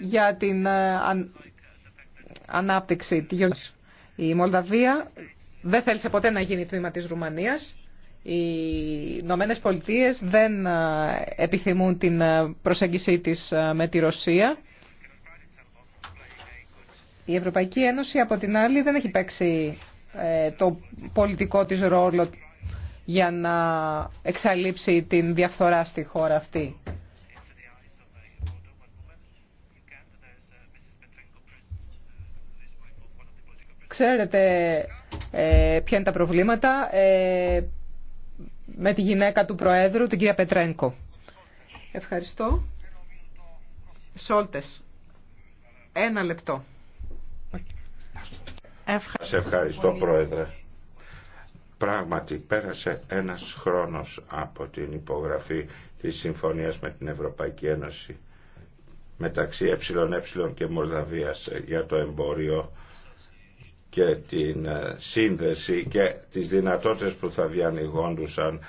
για την ε, ανάπτυξη. Η Μολδαβία δεν θέλησε ποτέ να γίνει τμήμα της Ρουμανίας οι Ηνωμένε Πολιτείε δεν ε, επιθυμούν την ε, προσέγγιση της ε, με τη Ρωσία. Η Ευρωπαϊκή Ένωση από την άλλη δεν έχει παίξει το πολιτικό της ρόλο για να εξαλείψει την διαφθορά στη χώρα αυτή. Ξέρετε ποια είναι τα προβλήματα με τη γυναίκα του Προέδρου, την κυρία Πετρένκο. Ευχαριστώ. Σόλτες. Ένα λεπτό. Ευχαριστώ. Σε ευχαριστώ Πρόεδρε. Πράγματι πέρασε ένας χρόνος από την υπογραφή της συμφωνίας με την Ευρωπαϊκή Ένωση μεταξύ ΕΕ και Μολδαβίας για το εμπόριο και την ε, σύνδεση και τις δυνατότητες που θα διανοιγόντουσαν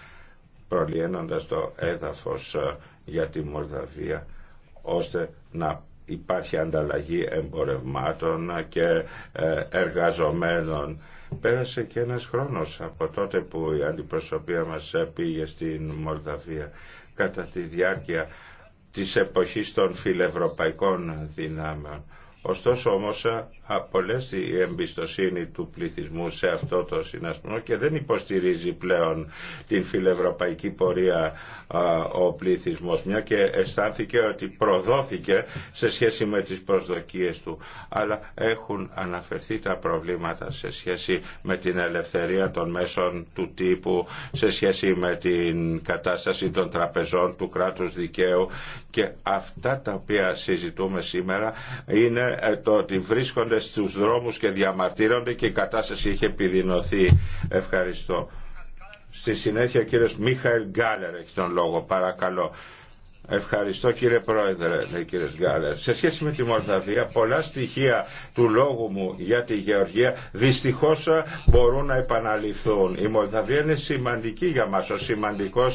προλιένοντας το έδαφος ε, για τη Μολδαβία ώστε να υπάρχει ανταλλαγή εμπορευμάτων και ε, εργαζομένων. Πέρασε και ένας χρόνος από τότε που η αντιπροσωπεία μας πήγε στην Μολδαβία κατά τη διάρκεια της εποχής των φιλευρωπαϊκών δυνάμεων Ωστόσο όμως ε, απολέσει η εμπιστοσύνη του πληθυσμού σε αυτό το συνασπισμό και δεν υποστηρίζει πλέον την φιλευρωπαϊκή πορεία ε, ο πληθυσμός μια και αισθάνθηκε ότι προδόθηκε σε σχέση με τις προσδοκίες του αλλά έχουν αναφερθεί τα προβλήματα σε σχέση με την ελευθερία των μέσων του τύπου σε σχέση με την κατάσταση των τραπεζών του κράτους δικαίου και αυτά τα οποία συζητούμε σήμερα είναι ε, το ότι βρίσκονται στους δρόμους και διαμαρτύρονται και η κατάσταση είχε επιδεινωθεί. Ευχαριστώ. Στη συνέχεια ο κύριος Μίχαελ Γκάλερ έχει τον λόγο. Παρακαλώ. Ευχαριστώ κύριε Πρόεδρε, λέει κύριε Γκάλερ. Σε σχέση με τη Μολδαβία, πολλά στοιχεία του λόγου μου για τη Γεωργία δυστυχώ μπορούν να επαναληφθούν. Η Μολδαβία είναι σημαντική για μα, ο σημαντικό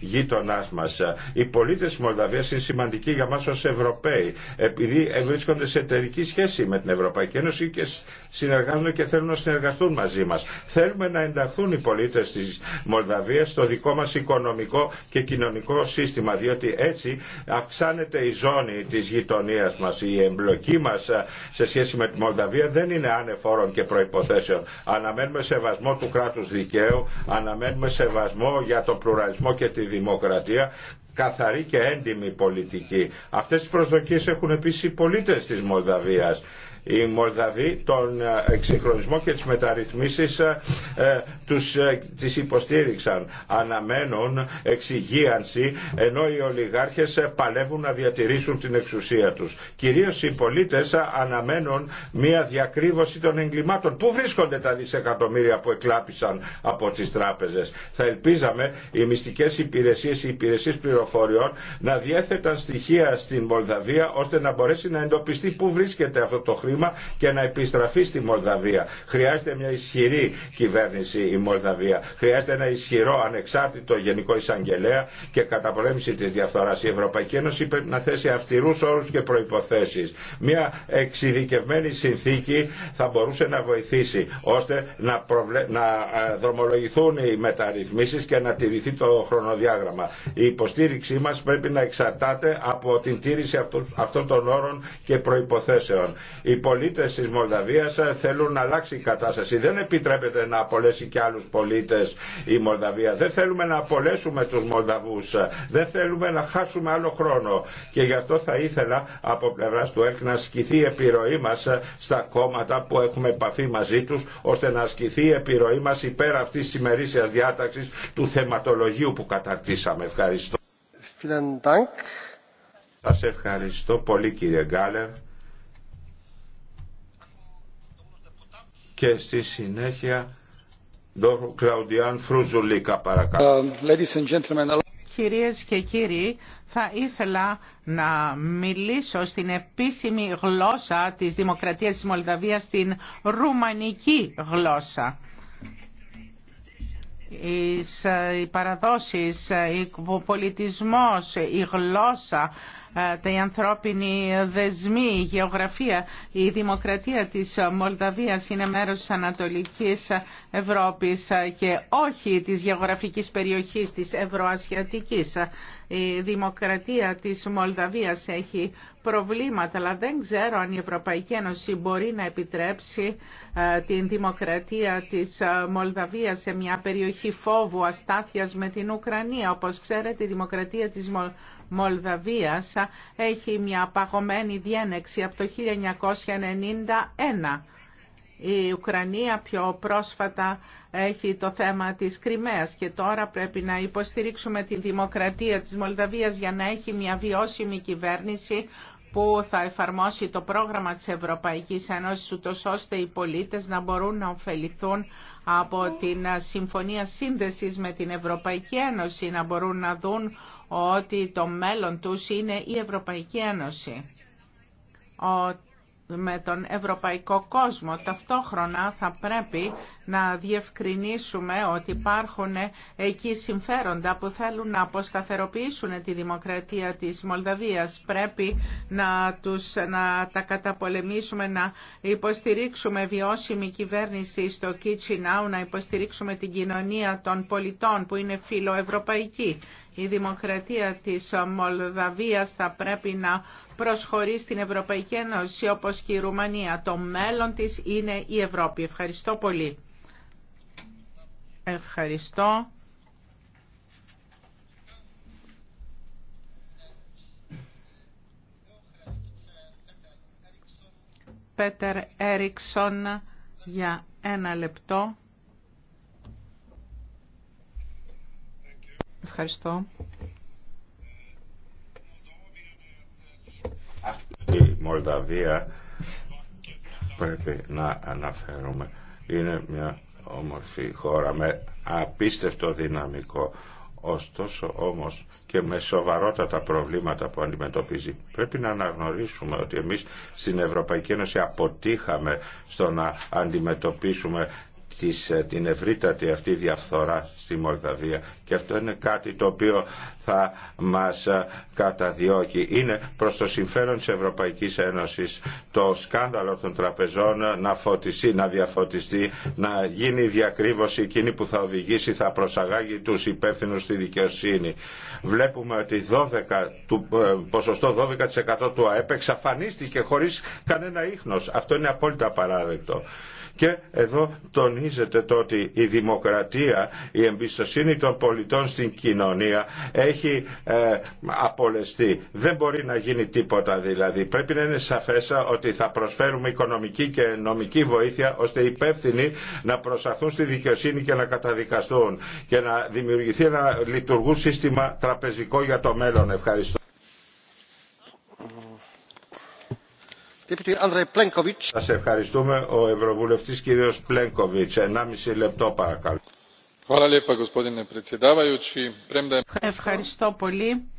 γείτονά μα. Οι πολίτε τη Μολδαβία είναι σημαντικοί για μα ω Ευρωπαίοι, επειδή βρίσκονται σε εταιρική σχέση με την Ευρωπαϊκή Ένωση και συνεργάζονται και θέλουν να συνεργαστούν μαζί μα. Θέλουμε να ενταχθούν οι πολίτε τη Μολδαβία στο δικό μα οικονομικό και κοινωνικό σύστημα, διότι έτσι αυξάνεται η ζώνη της γειτονίας μας. Η εμπλοκή μας ε, σε σχέση με τη Μολδαβία δεν είναι άνεφόρων και προϋποθέσεων. Αναμένουμε σεβασμό του κράτους δικαίου, αναμένουμε σεβασμό για τον πλουραλισμό και τη δημοκρατία καθαρή και έντιμη πολιτική. Αυτές τις προσδοκίες έχουν επίσης οι πολίτες της Μολδαβίας οι Μολδαβοί τον ε, εξυγχρονισμό και τις μεταρρυθμίσεις ε, ε, τους, τις υποστήριξαν. Αναμένουν εξυγίανση ενώ οι ολιγάρχες παλεύουν να διατηρήσουν την εξουσία τους. Κυρίως οι πολίτες αναμένουν μια διακρύβωση των εγκλημάτων. Πού βρίσκονται τα δισεκατομμύρια που εκλάπησαν από τις τράπεζες. Θα ελπίζαμε οι μυστικές υπηρεσίες, οι υπηρεσίες πληροφοριών να διέθεταν στοιχεία στην Μολδαβία ώστε να μπορέσει να εντοπιστεί πού βρίσκεται αυτό το χρήμα χρήμα και να επιστραφεί στη Μολδαβία. Χρειάζεται μια ισχυρή κυβέρνηση η Μολδαβία. Χρειάζεται ένα ισχυρό ανεξάρτητο γενικό εισαγγελέα και καταπολέμηση τη διαφθορά. Η Ευρωπαϊκή Ένωση πρέπει να θέσει αυστηρού όρου και προποθέσει. Μια εξειδικευμένη συνθήκη θα μπορούσε να βοηθήσει ώστε να, προβλε... να ε, δρομολογηθούν οι μεταρρυθμίσει και να τηρηθεί το χρονοδιάγραμμα. Η υποστήριξή μα πρέπει να εξαρτάται από την τήρηση αυτών των όρων και προποθέσεων. Η οι πολίτες της Μολδαβίας ε, θέλουν να αλλάξει η κατάσταση. Δεν επιτρέπεται να απολέσει και άλλους πολίτες η Μολδαβία. Δεν θέλουμε να απολέσουμε τους Μολδαβούς. Ε, δεν θέλουμε να χάσουμε άλλο χρόνο. Και γι' αυτό θα ήθελα από πλευρά του ΕΡΚ να ασκηθεί η επιρροή μας ε, στα κόμματα που έχουμε επαφή μαζί τους, ώστε να ασκηθεί η επιρροή μας υπέρ αυτής της ημερήσιας διάταξης του θεματολογίου που καταρτήσαμε. Ευχαριστώ. Σας ευχαριστώ πολύ κύριε Γκάλερ. και στη συνέχεια τον Κλαουδιάν Φρουζουλίκα παρακαλώ. Ε, Κυρίες και κύριοι, θα ήθελα να μιλήσω στην επίσημη γλώσσα της Δημοκρατίας της Μολδαβίας, την ρουμανική γλώσσα. Ε, οι παραδόσεις, ο ε, πολιτισμός, η γλώσσα ε, τα ανθρώπινη δεσμή, η γεωγραφία, η δημοκρατία της Μολδαβίας είναι μέρος της Ανατολικής Ευρώπης και όχι της γεωγραφικής περιοχής της Ευρωασιατικής. Η δημοκρατία της Μολδαβίας έχει προβλήματα, αλλά δεν ξέρω αν η Ευρωπαϊκή Ένωση μπορεί να επιτρέψει ε, την δημοκρατία της Μολδαβίας σε μια περιοχή φόβου, αστάθειας με την Ουκρανία. Όπως ξέρετε, η δημοκρατία της Μολδαβίας Μολδαβίας έχει μια παγωμένη διένεξη από το 1991. Η Ουκρανία πιο πρόσφατα έχει το θέμα της Κρυμαίας και τώρα πρέπει να υποστηρίξουμε τη δημοκρατία της Μολδαβίας για να έχει μια βιώσιμη κυβέρνηση που θα εφαρμόσει το πρόγραμμα της Ευρωπαϊκής Ένωσης ούτως ώστε οι πολίτες να μπορούν να ωφεληθούν από την Συμφωνία Σύνδεσης με την Ευρωπαϊκή Ένωση, να μπορούν να δουν ότι το μέλλον τους είναι η Ευρωπαϊκή Ένωση. Ο, με τον ευρωπαϊκό κόσμο ταυτόχρονα θα πρέπει να διευκρινίσουμε ότι υπάρχουν εκεί συμφέροντα που θέλουν να αποσταθεροποιήσουν τη δημοκρατία της Μολδαβίας. Πρέπει να, τους, να τα καταπολεμήσουμε, να υποστηρίξουμε βιώσιμη κυβέρνηση στο Κίτσινάου, να υποστηρίξουμε την κοινωνία των πολιτών που είναι φιλοευρωπαϊκή. Η δημοκρατία της Μολδαβίας θα πρέπει να προσχωρεί στην Ευρωπαϊκή Ένωση όπως και η Ρουμανία. Το μέλλον της είναι η Ευρώπη. Ευχαριστώ πολύ. Ευχαριστώ. Πέτερ Έριξον για ένα λεπτό. Ευχαριστώ. Η Μολδαβία πρέπει να αναφέρουμε είναι μια όμορφη χώρα με απίστευτο δυναμικό ωστόσο όμως και με σοβαρότατα προβλήματα που αντιμετωπίζει. Πρέπει να αναγνωρίσουμε ότι εμείς στην Ευρωπαϊκή Ένωση αποτύχαμε στο να αντιμετωπίσουμε στις, ε, την ευρύτατη αυτή διαφθορά στη Μολδαβία και αυτό είναι κάτι το οποίο θα μας ε, καταδιώκει. Είναι προς το συμφέρον της Ευρωπαϊκής Ένωσης το σκάνδαλο των τραπεζών να φωτιστεί, να διαφωτιστεί, να γίνει η διακρύβωση εκείνη που θα οδηγήσει, θα προσαγάγει τους υπεύθυνους στη δικαιοσύνη. Βλέπουμε ότι 12, του, ε, ποσοστό 12% του ΑΕΠ εξαφανίστηκε χωρίς κανένα ίχνος. Αυτό είναι απόλυτα παράδεκτο. Και εδώ τονίζεται το ότι η δημοκρατία, η εμπιστοσύνη των πολιτών στην κοινωνία έχει ε, απολεστεί. Δεν μπορεί να γίνει τίποτα δηλαδή. Πρέπει να είναι σαφές ότι θα προσφέρουμε οικονομική και νομική βοήθεια ώστε οι υπεύθυνοι να προσαρθούν στη δικαιοσύνη και να καταδικαστούν και να δημιουργηθεί ένα λειτουργού σύστημα τραπεζικό για το μέλλον. Ευχαριστώ. Σας ευχαριστούμε. Ο Ευρωβουλευτής κύριος Πλένκοβιτς. Ενάμιση λεπτό παρακαλώ. Ευχαριστώ πολύ.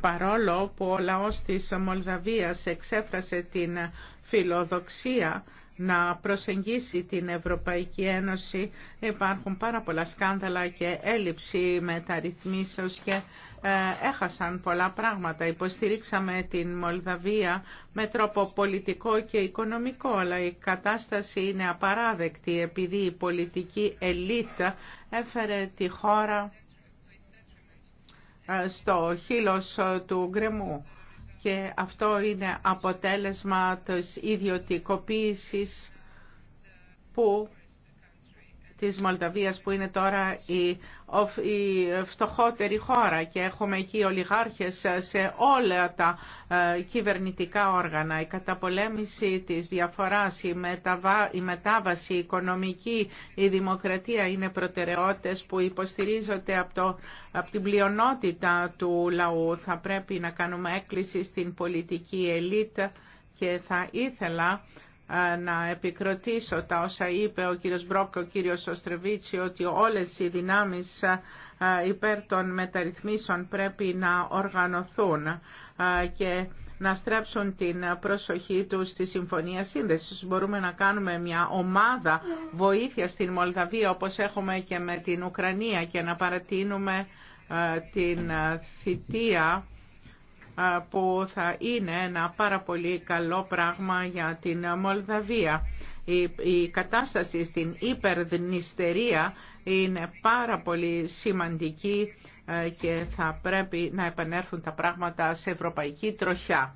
Παρόλο που ο λαός της Μολδαβίας εξέφρασε την φιλοδοξία να προσεγγίσει την Ευρωπαϊκή Ένωση, υπάρχουν πάρα πολλά σκάνδαλα και έλλειψη μεταρρυθμίσεως και ε, έχασαν πολλά πράγματα. Υποστηρίξαμε την Μολδαβία με τρόπο πολιτικό και οικονομικό, αλλά η κατάσταση είναι απαράδεκτη επειδή η πολιτική ελίτ έφερε τη χώρα ε, στο χείλος του γκρεμού και αυτό είναι αποτέλεσμα της ιδιωτικοποίησης που της Μολδαβίας που είναι τώρα η η φτωχότερη χώρα και έχουμε εκεί ολιγάρχες σε όλα τα ε, κυβερνητικά όργανα. Η καταπολέμηση της διαφοράς, η, μετάβαση οικονομική, η δημοκρατία είναι προτεραιότητες που υποστηρίζονται από, από την πλειονότητα του λαού. Θα πρέπει να κάνουμε έκκληση στην πολιτική ελίτ και θα ήθελα να επικροτήσω τα όσα είπε ο κύριος Μπρόκ και ο κύριος Οστρεβίτσι ότι όλες οι δυνάμεις υπέρ των μεταρρυθμίσεων πρέπει να οργανωθούν και να στρέψουν την προσοχή τους στη Συμφωνία σύνδεση. Μπορούμε να κάνουμε μια ομάδα βοήθεια στην Μολδαβία όπως έχουμε και με την Ουκρανία και να παρατείνουμε την θητεία που θα είναι ένα πάρα πολύ καλό πράγμα για την Μολδαβία. Η κατάσταση στην υπερδνηστερία είναι πάρα πολύ σημαντική ε, και θα πρέπει να επανέλθουν τα πράγματα σε ευρωπαϊκή τροχιά.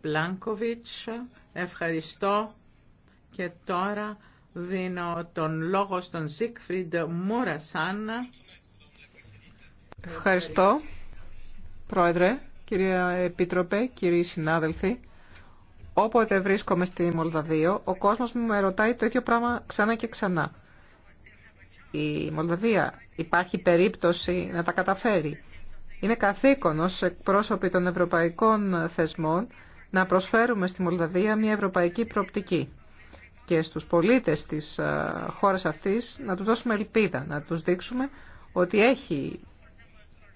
Πλάνκοβιτς, ευχαριστώ και τώρα δίνω τον λόγο στον Σίκφριντ Μούρασάν Ευχαριστώ, Πρόεδρε, κυρία Επίτροπε, κύριοι συνάδελφοι. Όποτε βρίσκομαι στη Μολδαβία, ο κόσμος μου με ρωτάει το ίδιο πράγμα ξανά και ξανά. Η Μολδαβία υπάρχει περίπτωση να τα καταφέρει. Είναι καθήκον ως εκπρόσωποι των ευρωπαϊκών θεσμών να προσφέρουμε στη Μολδαβία μια ευρωπαϊκή προοπτική και στους πολίτες της ε, χώρας αυτής να τους δώσουμε ελπίδα, να τους δείξουμε ότι έχει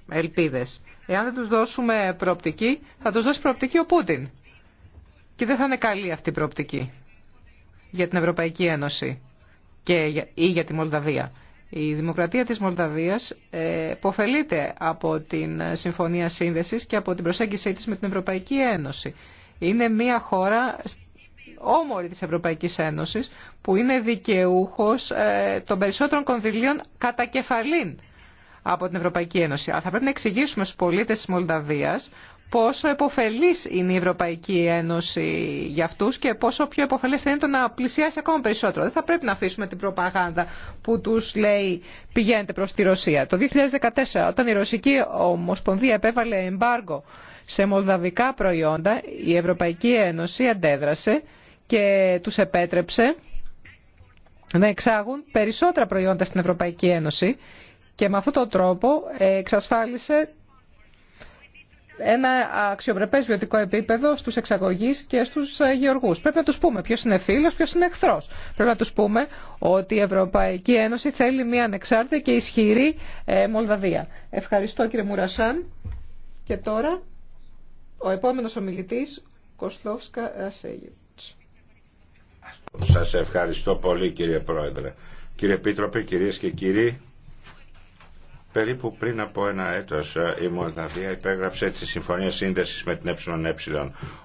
ελπίδες. Εάν δεν τους δώσουμε προοπτική, θα τους δώσει προοπτική ο Πούτιν. Και δεν θα είναι καλή αυτή η προοπτική για την Ευρωπαϊκή Ένωση και, ή για τη Μολδαβία. Η δημοκρατία της Μολδαβίας ε, υποφελείται από την Συμφωνία Σύνδεσης και από την προσέγγιση της με την Ευρωπαϊκή Ένωση. Είναι μια χώρα όμορη της Ευρωπαϊκής Ένωσης που είναι δικαιούχος ε, των περισσότερων κονδυλίων κατά κεφαλήν από την Ευρωπαϊκή Ένωση. Αλλά θα πρέπει να εξηγήσουμε στους πολίτες της Μολδαβίας πόσο επωφελής είναι η Ευρωπαϊκή Ένωση για αυτούς και πόσο πιο επωφελές είναι το να πλησιάσει ακόμα περισσότερο. Δεν θα πρέπει να αφήσουμε την προπαγάνδα που τους λέει πηγαίνετε προς τη Ρωσία. Το 2014 όταν η Ρωσική Ομοσπονδία επέβαλε εμπάργκο σε μολδαβικά προϊόντα η Ευρωπαϊκή Ένωση αντέδρασε και τους επέτρεψε να εξάγουν περισσότερα προϊόντα στην Ευρωπαϊκή Ένωση και με αυτόν τον τρόπο εξασφάλισε ένα αξιοπρεπέ βιωτικό επίπεδο στου εξαγωγεί και στους ε, γεωργού. Πρέπει να τους πούμε ποιο είναι φίλος, ποιο είναι εχθρός. Πρέπει να τους πούμε ότι η Ευρωπαϊκή Ένωση θέλει μια ανεξάρτητη και ισχυρή ε, Μολδαβία. Ευχαριστώ κύριε Μουρασάν. Και τώρα ο επόμενος ομιλητή, Κοσλόφσκα Ρασέγιουτ. Σας ευχαριστώ πολύ κύριε Πρόεδρε. Κύριε Πίτροπε, κυρίε και κύριοι, Περίπου πριν από ένα έτος ε, η Μολδαβία υπέγραψε τη Συμφωνία Σύνδεσης με την ΕΕ.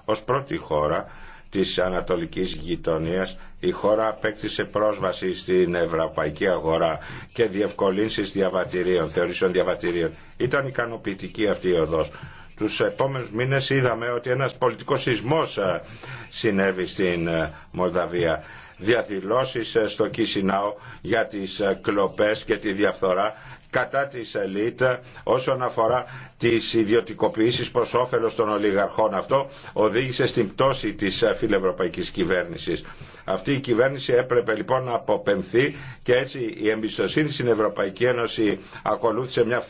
Ως πρώτη χώρα της ανατολικής γειτονίας η χώρα απέκτησε πρόσβαση στην ευρωπαϊκή αγορά και διευκολύνσεις διαβατηρίων, θεωρήσεων διαβατηρίων. Ήταν ικανοποιητική αυτή η οδός. Τους επόμενους μήνες είδαμε ότι ένας πολιτικός σεισμός ε, συνέβη στην ε, Μολδαβία διαδηλώσεις στο Κισινάο για τις κλοπές και τη διαφθορά κατά τη ελίτ όσον αφορά τις ιδιωτικοποιήσεις προς όφελος των ολιγαρχών. Αυτό οδήγησε στην πτώση της φιλευρωπαϊκής κυβέρνησης. Αυτή η κυβέρνηση έπρεπε λοιπόν να αποπεμφθεί και έτσι η εμπιστοσύνη στην Ευρωπαϊκή Ένωση ακολούθησε μια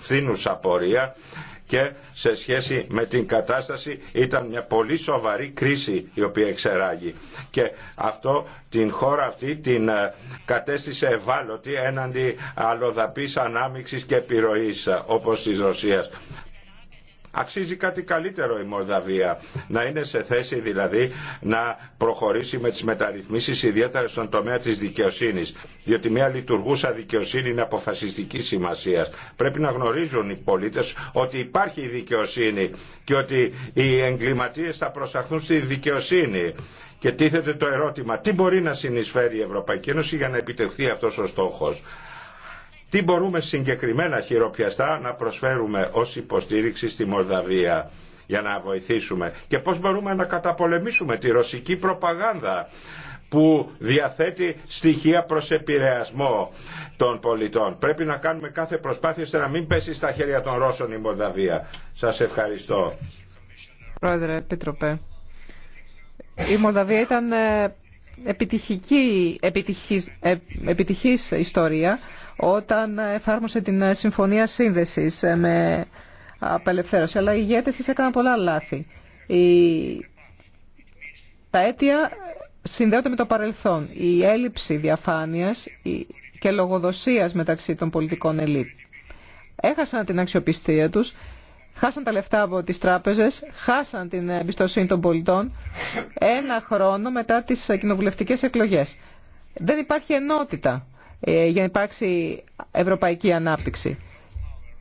φθήνουσα πορεία και σε σχέση με την κατάσταση ήταν μια πολύ σοβαρή κρίση η οποία εξεράγει. Και αυτό την χώρα αυτή την ε, κατέστησε ευάλωτη έναντι αλλοδαπής ανάμειξης και επιρροής ε, όπως της Ρωσίας. Αξίζει κάτι καλύτερο η Μολδαβία. Να είναι σε θέση δηλαδή να προχωρήσει με τις μεταρρυθμίσεις ιδιαίτερα στον τομέα της δικαιοσύνης. Διότι μια λειτουργούσα δικαιοσύνη είναι αποφασιστική σημασία. Πρέπει να γνωρίζουν οι πολίτες ότι υπάρχει η δικαιοσύνη και ότι οι εγκληματίες θα προσαχθούν στη δικαιοσύνη. Και τίθεται το ερώτημα, τι μπορεί να συνεισφέρει η Ευρωπαϊκή Ένωση για να επιτευχθεί αυτός ο στόχος. Τι μπορούμε συγκεκριμένα χειροπιαστά να προσφέρουμε ως υποστήριξη στη Μολδαβία για να βοηθήσουμε και πώς μπορούμε να καταπολεμήσουμε τη ρωσική προπαγάνδα που διαθέτει στοιχεία προς επηρεασμό των πολιτών. Πρέπει να κάνουμε κάθε προσπάθεια ώστε να μην πέσει στα χέρια των Ρώσων η Μολδαβία. Σας ευχαριστώ. Πρόεδρε, Επίτροπε, η Μολδαβία ήταν ε, επιτυχική, επιτυχής ε, ιστορία όταν εφάρμοσε την Συμφωνία Σύνδεσης ε, με απελευθέρωση. Αλλά οι ηγέτες της έκαναν πολλά λάθη. Η... Τα αίτια συνδέονται με το παρελθόν. Η έλλειψη διαφάνειας και λογοδοσίας μεταξύ των πολιτικών ελίτ. Έχασαν την αξιοπιστία τους, χάσαν τα λεφτά από τις τράπεζες, χάσαν την εμπιστοσύνη των πολιτών ένα χρόνο μετά τις κοινοβουλευτικές εκλογές. Δεν υπάρχει ενότητα ε, για να υπάρξει ευρωπαϊκή ανάπτυξη.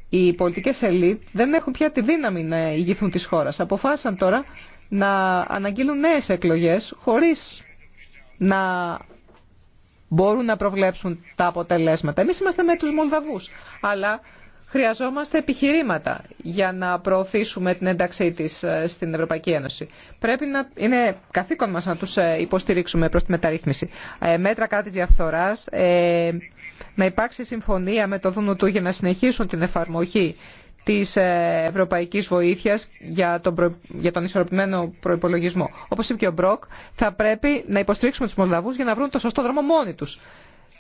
Οι πολιτικές ελίτ δεν έχουν πια τη δύναμη να ηγηθούν της χώρας. Αποφάσισαν τώρα να αναγγείλουν νέες εκλογές χωρίς να μπορούν να προβλέψουν τα αποτελέσματα. Εμεί είμαστε με τους Μολδαβού. αλλά χρειαζόμαστε επιχειρήματα για να προωθήσουμε την ένταξή τη ε, στην Ευρωπαϊκή Ένωση. Πρέπει να είναι καθήκον μα να του ε, υποστηρίξουμε προ τη μεταρρύθμιση. Ε, μέτρα κατά τη διαφθορά, να υπάρξει συμφωνία με το ΔΝΤ του για να συνεχίσουν την εφαρμογή της ευρωπαϊκής βοήθειας για τον, για τον ισορροπημένο προϋπολογισμό. Όπως είπε και ο Μπροκ, θα πρέπει να υποστηρίξουμε τους Μολδαβούς για να βρουν το σωστό δρόμο μόνοι του.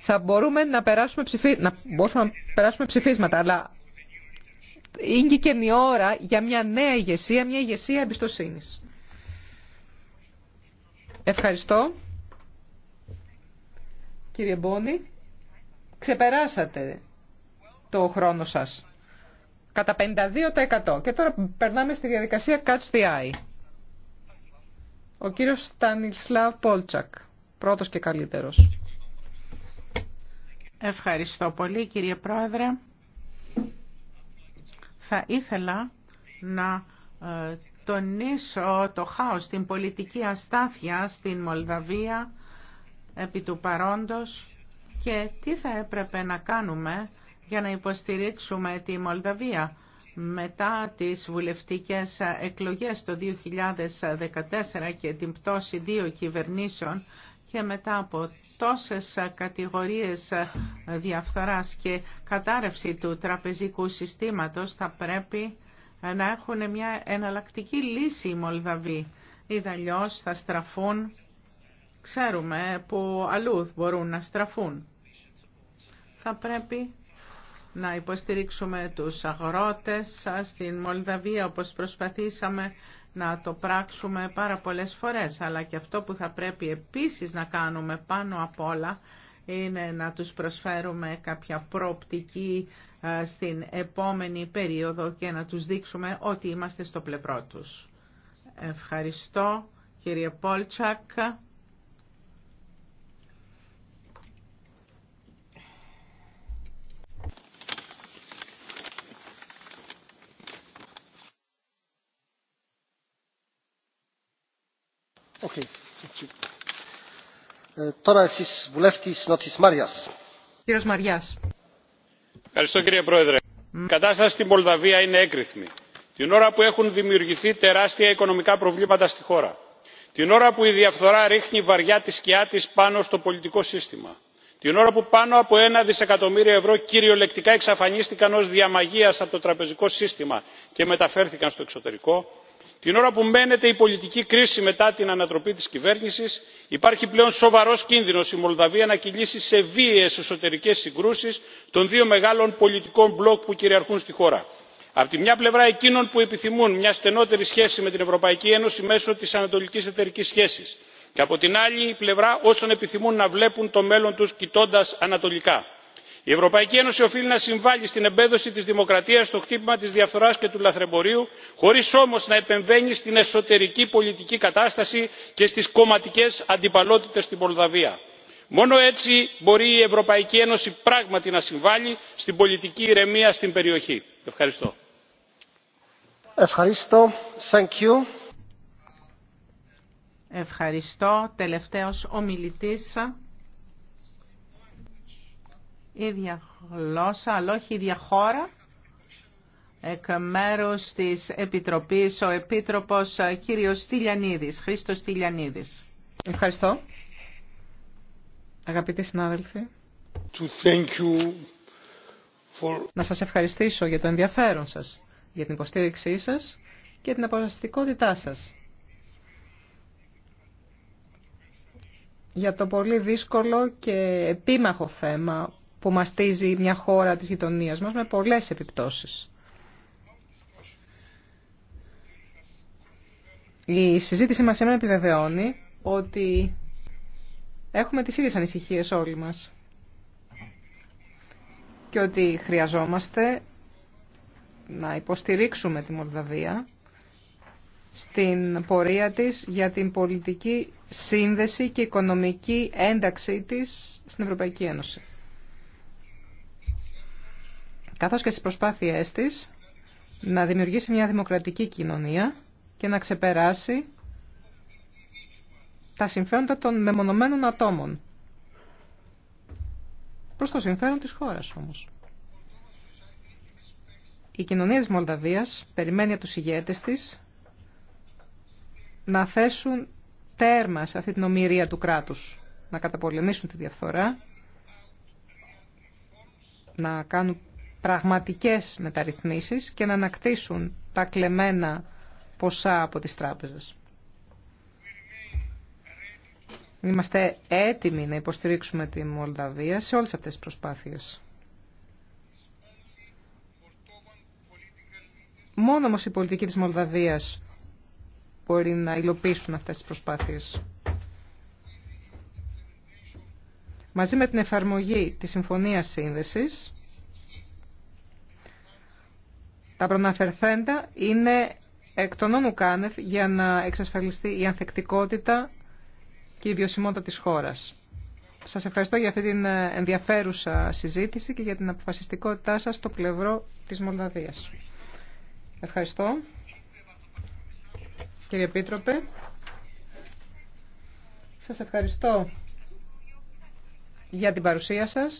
Θα μπορούμε να περάσουμε, ψηφί... να μπορούμε να περάσουμε ψηφίσματα, αλλά είναι και η ώρα για μια νέα ηγεσία, μια ηγεσία εμπιστοσύνη. Ευχαριστώ. Κύριε Μπόνη, ξεπεράσατε το χρόνο σας. Κατά 52%. Και τώρα περνάμε στη διαδικασία Catch the Eye. Ο κύριος Στανισλάβ Πόλτσακ, πρώτος και καλύτερος. Ευχαριστώ πολύ κύριε Πρόεδρε. Θα ήθελα να ε, τονίσω το χάος, την πολιτική αστάθεια στην Μολδαβία επί του παρόντος και τι θα έπρεπε να κάνουμε για να υποστηρίξουμε τη Μολδαβία μετά τις βουλευτικές εκλογές το 2014 και την πτώση δύο κυβερνήσεων και μετά από τόσες κατηγορίες διαφθοράς και κατάρρευση του τραπεζικού συστήματος θα πρέπει να έχουν μια εναλλακτική λύση οι Μολδαβοί. Ιδαλλιώς θα στραφούν, ξέρουμε που αλλού μπορούν να στραφούν. Θα πρέπει να υποστηρίξουμε τους αγρότες στην Μολδαβία όπως προσπαθήσαμε να το πράξουμε πάρα πολλές φορές, αλλά και αυτό που θα πρέπει επίσης να κάνουμε πάνω απ' όλα είναι να τους προσφέρουμε κάποια προοπτική ε, στην επόμενη περίοδο και να τους δείξουμε ότι είμαστε στο πλευρό τους. Ευχαριστώ κύριε Πόλτσακ. Uh, κύριε Πρόεδρε. Η κατάσταση στη Μολδαβία είναι έκρηθμη. Την ώρα που έχουν δημιουργηθεί τεράστια οικονομικά προβλήματα στη χώρα. Την ώρα που η διαφθορά ρίχνει βαριά τη σκιά της πάνω στο πολιτικό σύστημα. Την ώρα που πάνω από ένα δισεκατομμύριο ευρώ κυριολεκτικά εξαφανίστηκαν ως διαμαγείας από το τραπεζικό σύστημα και μεταφέρθηκαν στο εξωτερικό την ώρα που μένεται η πολιτική κρίση μετά την ανατροπή της κυβέρνησης υπάρχει πλέον σοβαρός κίνδυνος η μολδαβία να κυλήσει σε βίαιες εσωτερικές συγκρούσεις των δύο μεγάλων πολιτικών μπλοκ που κυριαρχούν στη χώρα από τη μια πλευρά εκείνων που επιθυμούν μια στενότερη σχέση με την ευρωπαϊκή ένωση μέσω της ανατολικής εταιρικής σχέσης και από την άλλη πλευρά όσων επιθυμούν να βλέπουν το μέλλον τους κοιτώντας ανατολικά η ευρωπαϊκή ένωση οφείλει να συμβάλλει στην εμπέδωση της δημοκρατίας στο χτύπημα της διαφθοράς και του λαθρεμπορίου χωρίς όμως να επεμβαίνει στην εσωτερική πολιτική κατάσταση και στις κομματικές αντιπαλότητες στη μολδαβία. μόνο έτσι μπορεί η ευρωπαϊκή ένωση πράγματι να συμβάλλει στην πολιτική ηρεμία στην περιοχή. ευχαριστώ. ευχαριστώ. Thank ευχαριστώ. Τελευταίος ίδια γλώσσα, αλλά όχι ίδια χώρα. Εκ μέρους της Επιτροπής, ο Επίτροπος ε, κύριος Στυλιανίδης, Χρήστος Στυλιανίδης. Ευχαριστώ. Αγαπητοί συνάδελφοι, to thank you for... να σας ευχαριστήσω για το ενδιαφέρον σας, για την υποστήριξή σας και την αποφασιστικότητά σας. για το πολύ δύσκολο και επίμαχο θέμα που μαστίζει μια χώρα της γειτονία μας με πολλές επιπτώσεις. Η συζήτηση μας σήμερα επιβεβαιώνει ότι έχουμε τις ίδιες ανησυχίες όλοι μας και ότι χρειαζόμαστε να υποστηρίξουμε τη Μολδαβία στην πορεία της για την πολιτική σύνδεση και οικονομική ένταξή της στην Ευρωπαϊκή Ένωση καθώς και στις προσπάθειές της να δημιουργήσει μια δημοκρατική κοινωνία και να ξεπεράσει τα συμφέροντα των μεμονωμένων ατόμων. Προς το συμφέρον της χώρας όμως. Η κοινωνία της Μολδαβίας περιμένει από τους ηγέτες της να θέσουν τέρμα σε αυτή την ομοιρία του κράτους, να καταπολεμήσουν τη διαφθορά, να κάνουν πραγματικές μεταρρυθμίσεις και να ανακτήσουν τα κλεμμένα ποσά από τις τράπεζες. Είμαστε έτοιμοι να υποστηρίξουμε τη Μολδαβία σε όλες αυτές τις προσπάθειες. Μόνο όμως η πολιτική της Μολδαβίας μπορεί να υλοποιήσουν αυτές τις προσπάθειες. Μαζί με την εφαρμογή της Συμφωνίας Σύνδεσης, τα προναφερθέντα είναι εκ των για να εξασφαλιστεί η ανθεκτικότητα και η βιωσιμότητα της χώρας. Σας ευχαριστώ για αυτή την ενδιαφέρουσα συζήτηση και για την αποφασιστικότητά σας στο πλευρό της Μολδαβίας. Ευχαριστώ. Κύριε Επίτροπε, σας ευχαριστώ για την παρουσία σας.